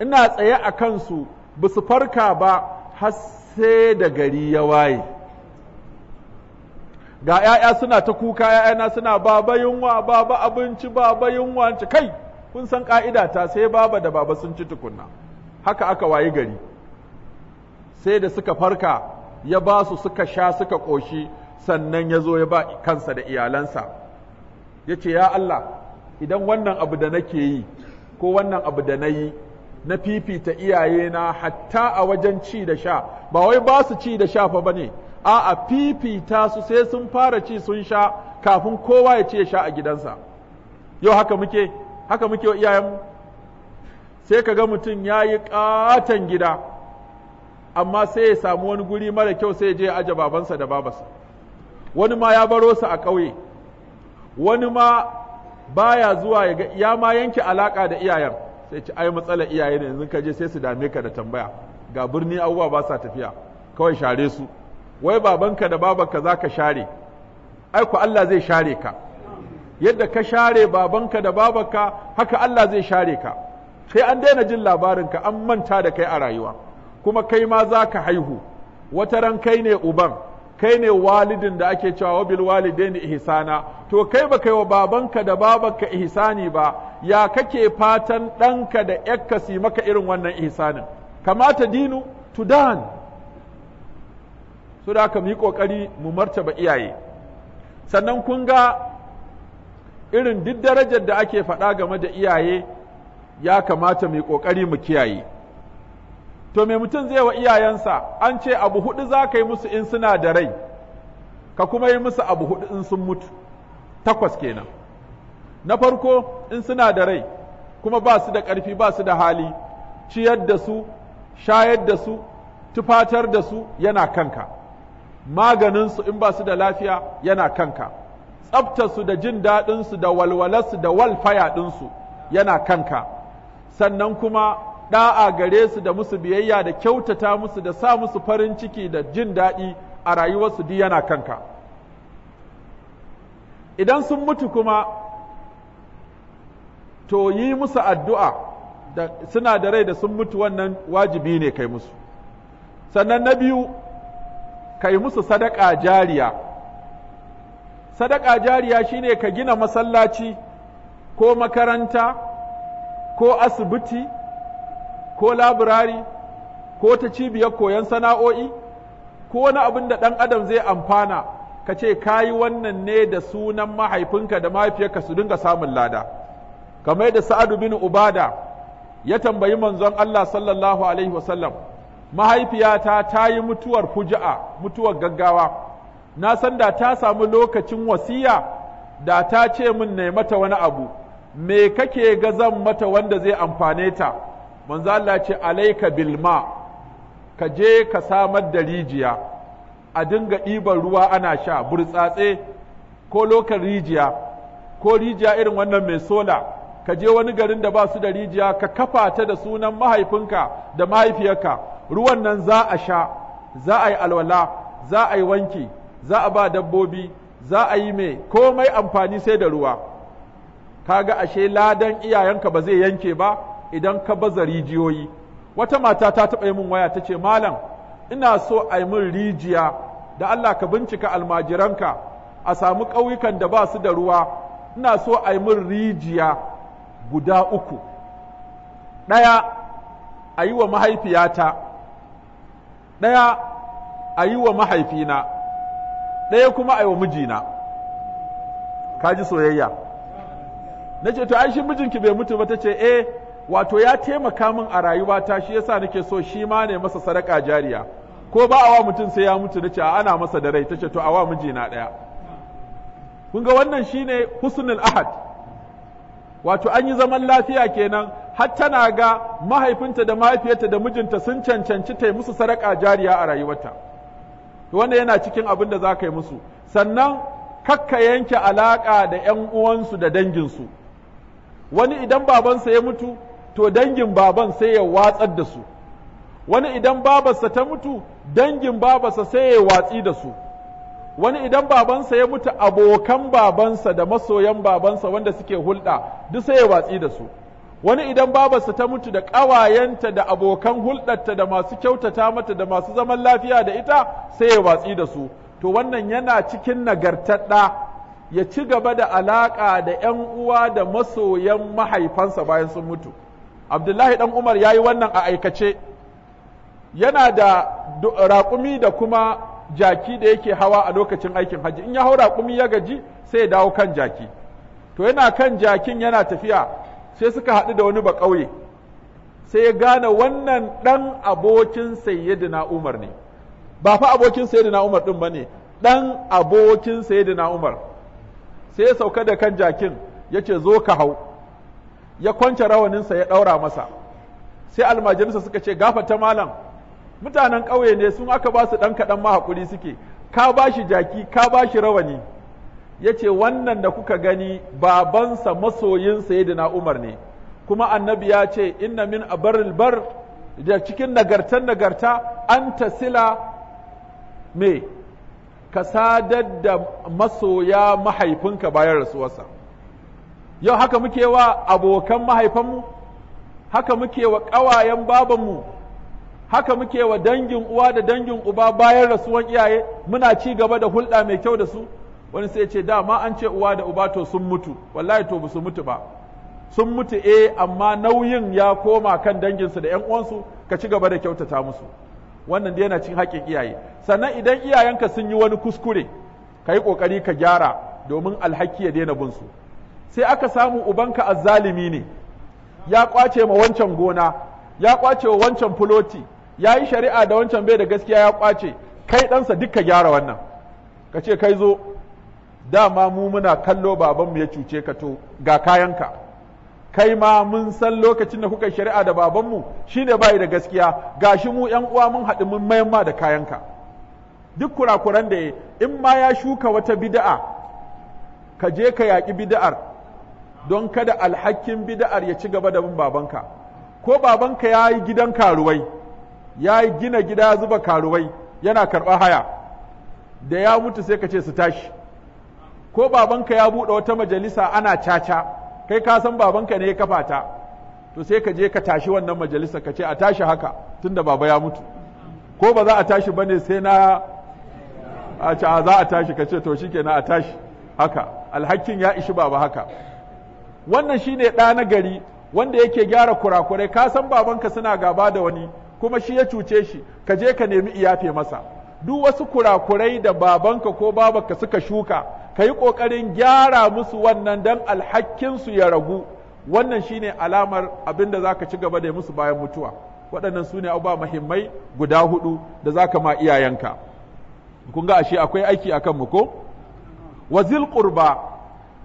ina tsaye a kansu ba su farka ba har sai da gari ya waye ga ‘ya'ya suna ta kuka ‘ya'yana suna baba yunwa baba abinci baba yunwa kai kun san ƙa'ida ta sai baba da baba sun ci tukunna haka aka wayi gari sai da suka farka ya ba su suka sha suka ƙoshi sannan ya zo ya ba kansa da iyalansa ya ce ya Allah idan wannan abu da nake yi ko wannan abu da na yi na fifita iyaye na hatta a wajen ci da sha ba wai ba su ci da sha fa bane a a fifita su sai sun fara ci sun sha kafin kowa ya ci ya sha a gidansa yau haka muke haka muke iyayen iyayenmu sai ka mutum ya yi ƙaton gida amma sai ya samu wani guri mara kyau sai ya je aje babansa da babarsa wani ma ya baro su a ƙauye wani ma baya zuwa ya ma yanke alaƙa da iyayen sai ci ai matsala iyaye ne yanzu ka je sai su dame ka da tambaya ga birni abubuwa ba sa tafiya kawai share su wai babanka da babanka za ka share ai ku Allah zai share ka yadda ka share babanka da babanka haka Allah zai share ka sai an daina jin labarin ka an manta da kai a rayuwa kuma kai ma za ka haihu wata ran kai ne uban kai ne walidin da ake cewa wabil ni ihsana to kai ba kai wa babanka da babanka ihsani ba ya kake fatan ɗanka da yakka su maka irin wannan ihsanin kamata dinu tudan so da aka mu yi kokari mu martaba iyaye sannan kun ga irin duk darajar da ake faɗa game da iyaye ya kamata mu yi kokari mu kiyaye to me mutum zai wa iyayensa an ce abu hudu za ka yi musu in suna da rai ka kuma yi musu abu hudu in sun mutu takwas kenan na farko in suna da rai kuma ba su da ƙarfi ba su da hali ciyar da su shayar da su tufatar da su yana kanka maganinsu in ba su da lafiya yana kanka tsaftarsu da jin daɗinsu da walwalarsu da walfaya ɗinsu yana kanka sannan kuma da'a gare su da musu biyayya da kyautata musu da sa musu farin ciki da jin daɗi a rayuwarsu duk yana kanka idan sun mutu kuma to yi musu addu'a da suna da rai da sun mutu wannan wajibi ne kai musu sannan na biyu kai musu sadaka jariya sadaka jariya shine ka gina masallaci ko makaranta ko asibiti ko laburari, ko ta cibiyar koyon sana'o'i ko wani abin da ɗan adam zai amfana ka ce ka yi wannan ne da sunan mahaifinka da mahaifiyarka su dinga samun lada kamar da sa'adu bin ubada ya tambayi manzon Allah sallallahu alaihi wasallam mahaifiyata ta yi mutuwar fuja'a mutuwar gaggawa na san da ta samu lokacin wasiya da ta ce min ne mata wani abu me kake ga zan mata wanda zai amfane ta manzo Allah ce alaika bilma ka je ka samar da rijiya a dinga ɗiban ruwa ana sha burtsatse ko lokal rijiya ko rijiya irin wannan mai sola ka je wani garin da ba su da rijiya ka kafa ta da sunan mahaifinka da mahaifiyarka ruwan nan za a sha za a yi alwala za a yi wanki za a ba dabbobi za a yi mai komai amfani sai da ruwa Ka ga ashe ladan iyayenka ba zai yanke ba idan ka baza rijiyoyi wata mata ta taɓa yi min waya ta ce malam ina so a yi min rijiya da Allah ka bincika almajiranka a samu ƙauyukan da ba su da ruwa ina so a yi min rijiya guda uku ɗaya a yi wa mahaifiyata ɗaya a yi wa mahaifina ɗaya kuma a yi wa mijina ka ji soyayya na ce to ai shi mijinki bai mutu ba ta ce eh wato ya taimaka min a rayuwata shi yasa nake so shi ma ne masa sadaka jariya ko ba wa mutum sai ya mutu nace ana masa da rai tace to awa mijina daya kun ga wannan shine husnul ahad wato an yi zaman lafiya kenan har tana ga mahaifinta da mahaifiyarta da mijinta sun cancanci ta musu sadaka jariya a rayuwarta wanda yana cikin abin da za ka yi musu sannan kakka yanke alaƙa da ‘yan uwansu da danginsu wani idan babansa ya mutu to dangin baban sai ya watsar da su wani idan babarsa ta mutu dangin babarsa sai ya watsi da su wani idan babansa ya mutu abokan babansa da masoyan babansa wanda suke hulɗa duk sai ya watsi da su wani idan babarsa ta mutu da ƙawayenta da abokan hulɗarta da masu kyautata mata da masu zaman lafiya da ita sai ya watsi da su to wannan yana cikin nagartar ya ci gaba da alaƙa da ‘yan uwa da masoyan mahaifansa bayan sun mutu. abdullahi ɗan umar ya yi wannan a aikace yana da raƙumi da kuma jaki da yake hawa a lokacin aikin hajji in ya hau raƙumi ya gaji sai ya dawo kan jaki to yana kan jakin yana tafiya sai suka haɗu da wani baƙauye sai ya gane wannan ɗan abokin sayyidina umar ne ba fa abokin sayyidina umar ɗin ba ne ɗan abokin sayyidina umar sai ya sauka da kan jakin ya ce zo ka hau ya kwance rawaninsa ya ɗaura masa sai almajirinsa suka ce gafata malam mutanen ƙauye ne sun aka ba su ɗan kaɗan mahakuri suke ka ba shi jaki ka ba shi rawani ya ce wannan da kuka gani babansa masoyinsa ya na umar ne kuma annabi ya ce inna min abaril bar da cikin nagartan nagarta an tasila me ka sadar da masoya mahaifinka bayan rasuwarsa yau haka muke wa abokan mahaifanmu haka muke wa ƙawayen babanmu haka muke wa dangin uwa da dangin uba bayan rasuwan iyaye muna ci gaba da hulɗa mai kyau da su wani sai ce dama an ce uwa da uba to sun mutu wallahi to ba su mutu ba sun mutu e amma nauyin ya koma kan danginsu da 'yan uwansu ka ci gaba da kyautata musu wannan da yana cin haƙƙin iyaye sannan idan iyayenka sun yi wani kuskure ka yi ƙoƙari ka gyara domin alhaki ya daina bin su sai aka samu ubanka azzalimi ne ya kwace ma wancan gona ya kwace wa wancan fuloti ya yi shari'a da wancan bai da gaskiya ya kwace kai ɗansa duka gyara wannan ka ce kai zo dama mu muna kallo babanmu ya cuce ka to ga kayanka kai ma mun san lokacin da kuka shari'a da babanmu shine bayi da gaskiya gashi mu yan uwa mun haɗu mun mayamma da kayanka duk kurakuran da ya in ma ya shuka wata bid'a ka je ka yaƙi bid'ar don kada alhakin bida'ar ya ci gaba da bin babanka ko babanka ya yi gidan karuwai ya yi gina gida zuba karuwai yana karɓar haya da ya mutu sai ka ce su tashi ko babanka ya buɗe wata majalisa ana caca kai ka san babanka ne ya kafa ta to sai ka je ka tashi wannan majalisa ka ce a tashi haka tun da baba ya mutu ko ba za a tashi ba ne, sai na a za a tashi ka ce to shikenan a tashi haka alhakin ya ishi baba haka wannan shine ɗa na gari wanda yake gyara kurakurai ka san babanka suna gaba da wani kuma shi ya cuce shi ka je ka nemi iyafe masa duk wasu kurakurai da babanka ko babanka suka shuka ka yi ƙoƙarin gyara musu wannan don alhakinsu ya ragu wannan shine alamar abin da za ka ci gaba da musu bayan mutuwa waɗannan su ne abubuwa muhimmai guda hudu da za ka ma iyayenka kun ga ashe akwai aiki akan mu ko wazil ƙurba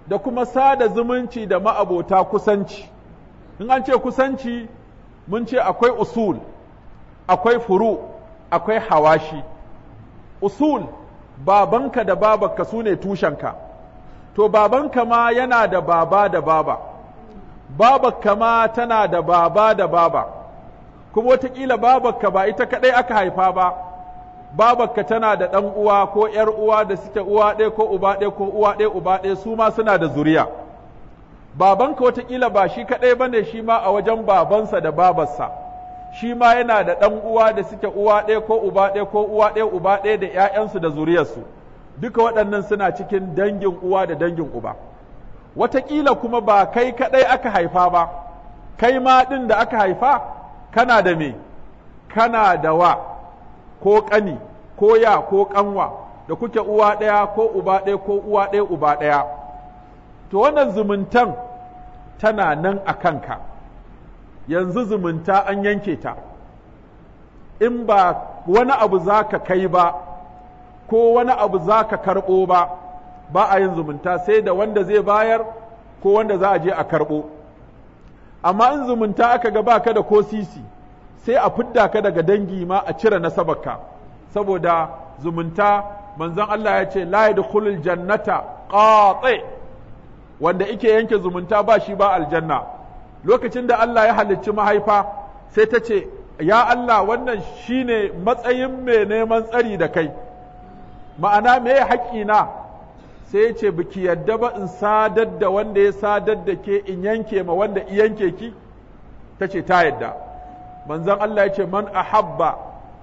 da kuma sada zumunci da ma'abota kusanci in an ce kusanci mun ce akwai usul akwai furu akwai hawashi usul babanka da babanka su ne tushenka to babanka ma yana da baba da baba babanka ma tana da baba da baba kuma wataƙila babanka ba ita kaɗai aka haifa ba babarka tana da ɗan uwa ko ‘yar uwa da suke uwa ɗaya ko uba ɗaya ko uwa ɗaya uba ɗaya su ma suna da zuriya. Babanka wataƙila ba shi kaɗai ba ne shi ma a wajen babansa da babarsa, shi ma yana da ɗan uwa da suke uwa ɗaya ko uba ɗaya ko uwa ɗaya uba ɗaya da ‘ya'yansu da zuriyarsu, duka waɗannan suna cikin dangin uwa da dangin uba. Wataƙila kuma ba kai kaɗai aka haifa ba, kai ma ɗin da aka haifa kana da me, kana da wa. ko ƙani ko ya ko ƙanwa da kuke uwa ɗaya ko uba ɗaya ko uwa ɗaya uba ɗaya to wannan zumuntan tana nan a kanka yanzu zumunta an yanke ta in ba wani abu za ka kai ba ko wani abu za ka karɓo ba ba a yin zumunta sai da wanda zai bayar ko wanda za a je a karɓo amma in zumunta aka ga baka da ko sisi sai a fidda ka daga dangi ma a cire nasabarka saboda zumunta manzon Allah ya ce la yadkhulul jannata qati wanda ike yanke zumunta ba shi ba aljanna lokacin da Allah ya halicci mahaifa sai ta ce ya Allah wannan shine matsayin mai neman tsari da kai ma'ana me ya na sai ya ce biki yadda ba in sadar da wanda ya sadar da ke in yanke ma wanda yanke ki ta ce ta yadda manzon Allah yace man ahabba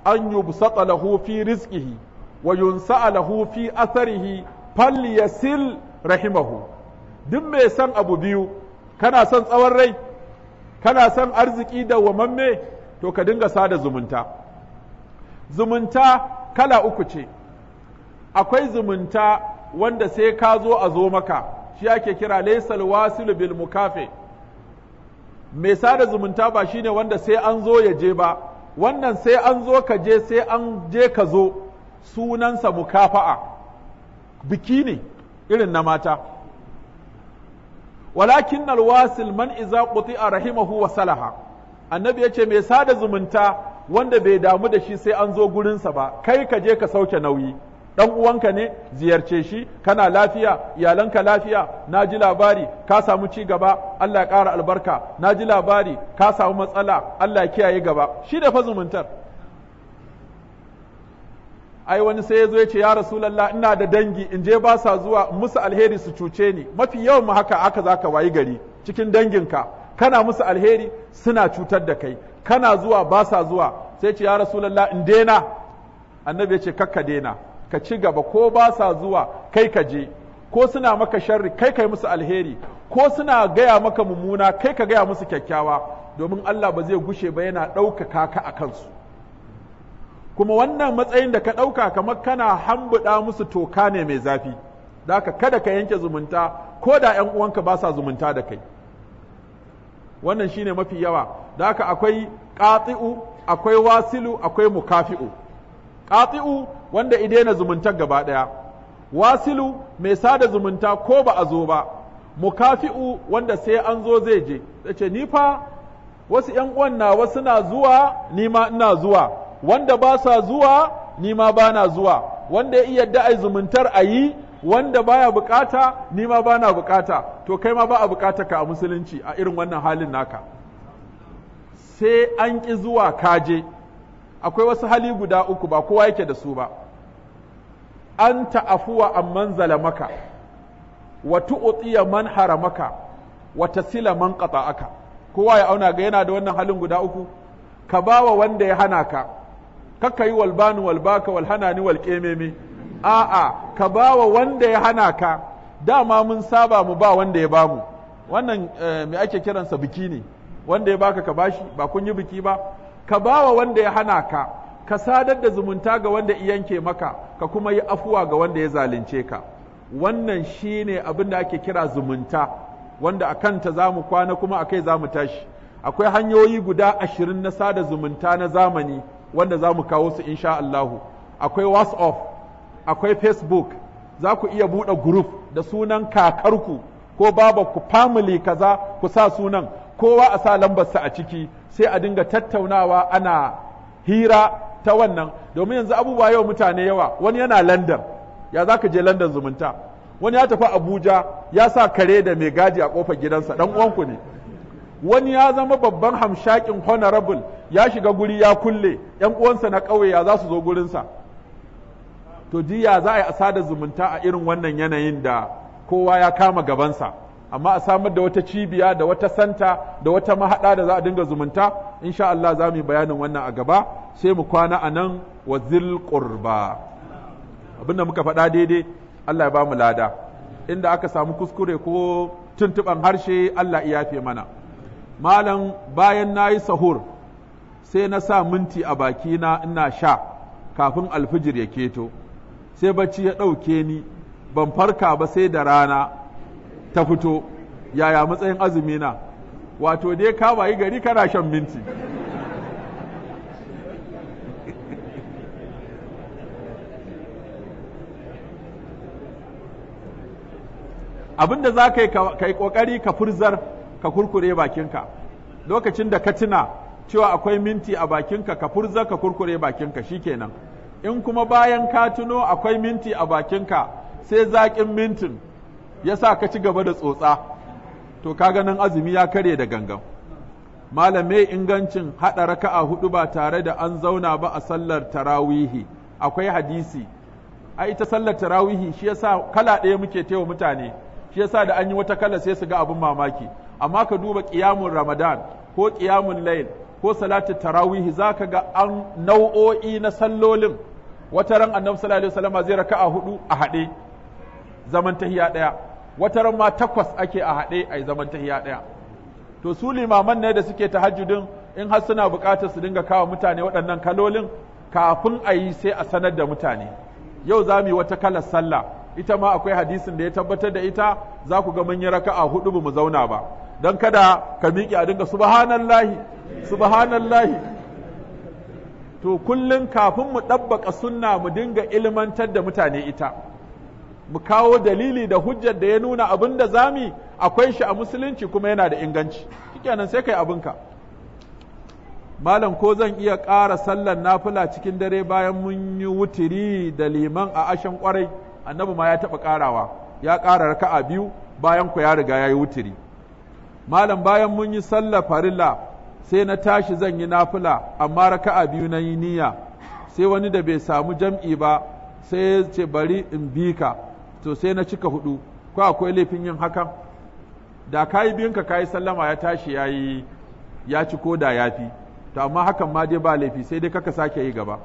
an yubsata lahu fi rizqihi wa yunsa'a lahu fi atharihi falyasil rahimahu duk mai son abu biyu kana son tsawon rai kana son arziki da wamamme to ka dinga sada zumunta zumunta kala uku ce akwai zumunta wanda sai ka zo a zo maka shi ake kira laysal wasilu bil mukafi mai sada zumunta ba shine wanda sai an zo ya je ba wannan sai an zo ka je sai an je ka zo sunansa mukafa'a biki ne irin na mata walakin alwasil man iza a rahimahu wa salaha annabi ce mai sada zumunta wanda bai damu da shi sai an zo gurinsa ba kai ka je ka sauke nauyi dan uwanka ne ziyarce shi kana lafiya iyalanka lafiya na ji labari ka samu ci gaba Allah ya ƙara albarka na ji labari ka samu matsala Allah ya kiyaye gaba shi da fa zumuntar ai wani sai ya zo ya ce ya rasulullah ina da dangi in je ba sa zuwa musu alheri su cuce ni mafi yawan mu haka aka zaka wayi gari cikin danginka kana musu alheri suna cutar da kai kana zuwa ba sa zuwa sai ce ya rasulullah in daina annabi ya ce kakka daina ka ci gaba ko ba sa zuwa kai ka je ko suna maka sharri kai kai musu alheri ko suna gaya maka mummuna kai ka gaya musu kyakkyawa domin Allah ba zai gushe ba yana ɗaukaka ka a kansu kuma wannan matsayin da ka ɗauka kamar kana hambuɗa musu toka ne mai zafi da ka kada ka yanke zumunta ko da ‘yan uwanka ba sa zumunta da kai wannan shine mafi yawa da akwai ƙati'u akwai wasilu akwai mukafi'u qati'u wanda idena zumuntar gaba daya wasilu mai sada zumunta ko ba a zo ba mukafi'u wanda sai an zo zai je yace ni fa wasu ƴan uwan wasu na zuwa ni ma ina zuwa wanda ba sa zuwa ni ma ba na zuwa wanda ya iya da'ai zumuntar ayi wanda baya bukata ni ma ba na bukata to kai ma ba a bukata ka a musulunci a irin wannan halin naka sai an ƙi zuwa kaje akwai wasu hali guda uku ba kowa yake da su ba an ta'afuwa amman maka. wa tu'tiya man haramaka wa tasila man qata'aka kowa ya auna ga yana da wannan halin guda uku ka bawa wanda ya hana ka kakka yi walbanu walbaka walhanani walqememe a'a ka bawa wanda ya hana ka dama mun saba mu ba wanda ya bamu wannan eh, me ake kiransa biki ne wanda ya baka ka bashi ba kun yi biki ba ka ba wa wanda ya hana ka ka sadar da zumunta ga wanda yanke maka ka kuma yi afuwa ga wanda ya zalunce ka wannan shi ne abin da ake kira zumunta wanda a kanta za mu kwana kuma a kai za mu tashi akwai hanyoyi guda ashirin na sada zumunta na zamani wanda za mu kawo su insha Allahu akwai whatsapp akwai facebook za ku iya buɗe group da sunan kakarku ko ku family kaza ku sa sunan kowa a sa lambarsa a ciki sai a dinga tattaunawa ana hira ta wannan domin yanzu abubuwa yau mutane yawa wani yana London ya za ka je London zumunta wani ya tafi Abuja ya sa kare da mai gaji a kofar gidansa dan uwanku ne wani ya zama babban hamshakin honorable ya shiga guri ya kulle yan uwansa na ƙauye ya za su zo gurinsa to ya za a yi asada zumunta a irin wannan yanayin da kowa ya kama gabansa amma a samar da wata cibiya da wata santa da wata mahaɗa da za a dinga zumunta insha Allah za mu yi bayanin wannan a gaba sai mu kwana a nan wa zil qurba abin muka faɗa daidai Allah ya ba mu lada inda aka samu kuskure ko tuntuban harshe Allah ya yafe mana malam bayan na yi sahur sai na sa minti a baki na ina sha kafin alfijir ya keto sai bacci ya ɗauke ni ban farka ba sai da rana ta fito yaya matsayin azumi na wato dai ka bayi gari kana shan minti abinda za ka yi ƙoƙari ka furzar ka kurkure bakinka lokacin da ka tuna cewa akwai minti a bakinka ka furzar ka kurkure bakinka shikenan in kuma bayan ka tuno akwai minti a bakinka sai zaƙin mintin ya sa ka ci gaba da tsotsa to kaga nan azumi ya karye da gangan malamai ingancin haɗa raka'a hudu ba tare da an zauna ba a sallar tarawihi akwai hadisi a ita sallar tarawihi shi yasa kala ɗaya muke tewa mutane shi yasa da an yi wata kala sai su ga abin mamaki amma ka duba ƙiyamun ramadan ko ƙiyamun lail ko salatu tarawihi za ka ga an nau'o'i na sallolin wata ran annabi sallallahu alaihi wasallam zai raka'a hudu a haɗe zaman tahiya ɗaya wata ma takwas ake a haɗe a zaman tahiya ɗaya to su limaman ne da suke tahajjudin in har suna buƙatar su dinga kawo mutane waɗannan kalolin kafin a yi sai a sanar da mutane yau za mu yi wata kalar sallah ita ma akwai hadisin da ya tabbatar da ita za ku ga mun yi raka'a hudu ba mu zauna ba don kada ka miƙe a dinga subhanallahi subhanallahi to kullum kafin mu ɗabbaka sunna mu dinga ilmantar da mutane ita mu kawo dalili da hujjar da ya nuna abin da zami akwai shi a musulunci kuma yana da inganci shikenan sai kai abinka malam ko zan iya ƙara sallar nafila cikin dare bayan mun yi wuturi da liman a ashen kwarai annabi ma ya taɓa ƙarawa ya ƙara raka'a biyu bayan ku ya riga ya yi wuturi. malam bayan mun yi sallar farilla sai na tashi zan yi nafila amma raka'a biyu na yi niyya sai wani da bai samu jam'i ba sai ya ce bari in bi ka to sai na cika hudu ko akwai laifin yin hakan da kayi yi biyunka ka yi sallama ya tashi ya yi ya ci ko da ya fi to amma hakan ma dai ba laifi sai dai kaka sake yi gaba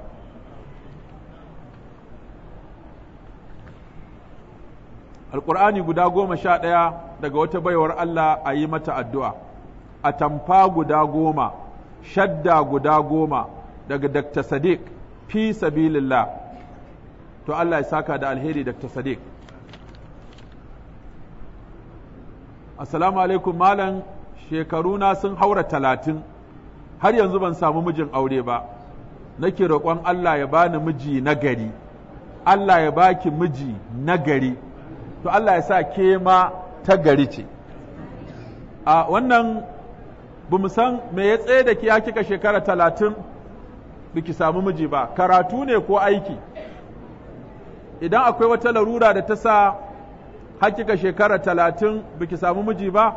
alƙur'ani guda goma sha ɗaya daga wata baiwar Allah a yi mata addu'a a tamfa guda goma shadda guda goma daga Dr. Sadiq fi sabilillah to Allah ya saka da alheri Dr. Sadiq assalamu alaikum malam shekaruna sun haura talatin har yanzu ban samu mijin aure ba nake roƙon Allah ya bani miji na gari Allah ya baki miji na gari to Allah ya sa ke ma ta gari ce a wannan ba mu san me ya tsaye da ki ya kika shekara talatin biki samu miji ba karatu ne ko aiki idan akwai wata larura da ta sa hakika shekara talatin biki samu miji ba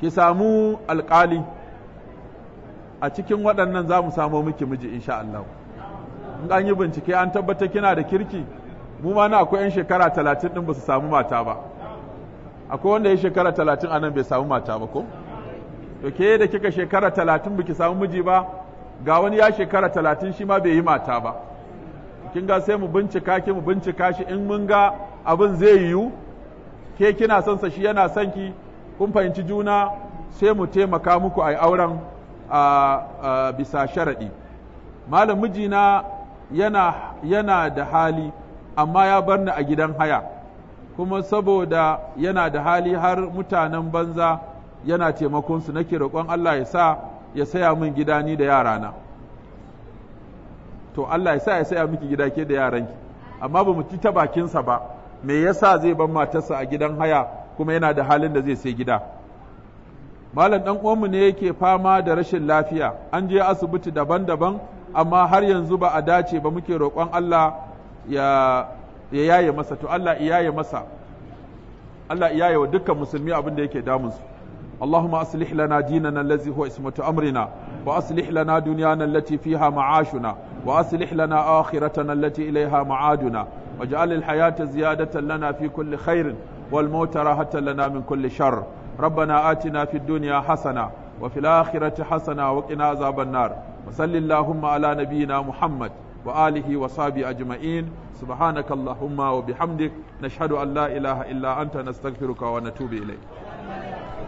ki samu alƙali a cikin waɗannan za mu samu miki miji insha Allah in an yi bincike an tabbata kina da kirki mu ma na akwai 'yan shekara talatin ɗin ba su samu mata ba akwai wanda ya shekara talatin anan bai samu mata ba ko to ke da kika shekara talatin biki samu miji ba ga wani ya shekara talatin shi ma bai yi mata ba kin ga sai mu bincika ki mu bincika shi in mun ga abin zai yiwu ke kina son sa shi yana son ki kun fahimci juna sai mu taimaka muku a auren a bisa sharaɗi malam mijina yana da hali amma ya bar ni a gidan haya kuma saboda yana da hali har mutanen banza yana taimakonsu nake roƙon Allah ya sa ya saya min gida ni da yarana to Allah ya sa ya saya miki gida ke da yaran ki amma ba mu ci ta bakinsa ba me yasa zai ban matarsa a gidan haya kuma yana da halin da zai sai gida malam dan uwanmu ne yake fama da rashin lafiya an je asibiti daban-daban amma har yanzu ba a dace ba muke roƙon Allah ya yaye masa to Allah iyaye masa Allah iyaye wa dukkan musulmi abin da yake damunsu اللهم أصلح لنا ديننا الذي هو اسمة أمرنا وأصلح لنا دنيانا التي فيها معاشنا وأصلح لنا آخرتنا التي إليها معادنا واجعل الحياة زيادة لنا في كل خير والموت راحة لنا من كل شر ربنا آتنا في الدنيا حسنة وفي الآخرة حسنة وقنا عذاب النار وصل اللهم على نبينا محمد وآله وصحبه أجمعين سبحانك اللهم وبحمدك نشهد أن لا إله إلا أنت نستغفرك ونتوب إليك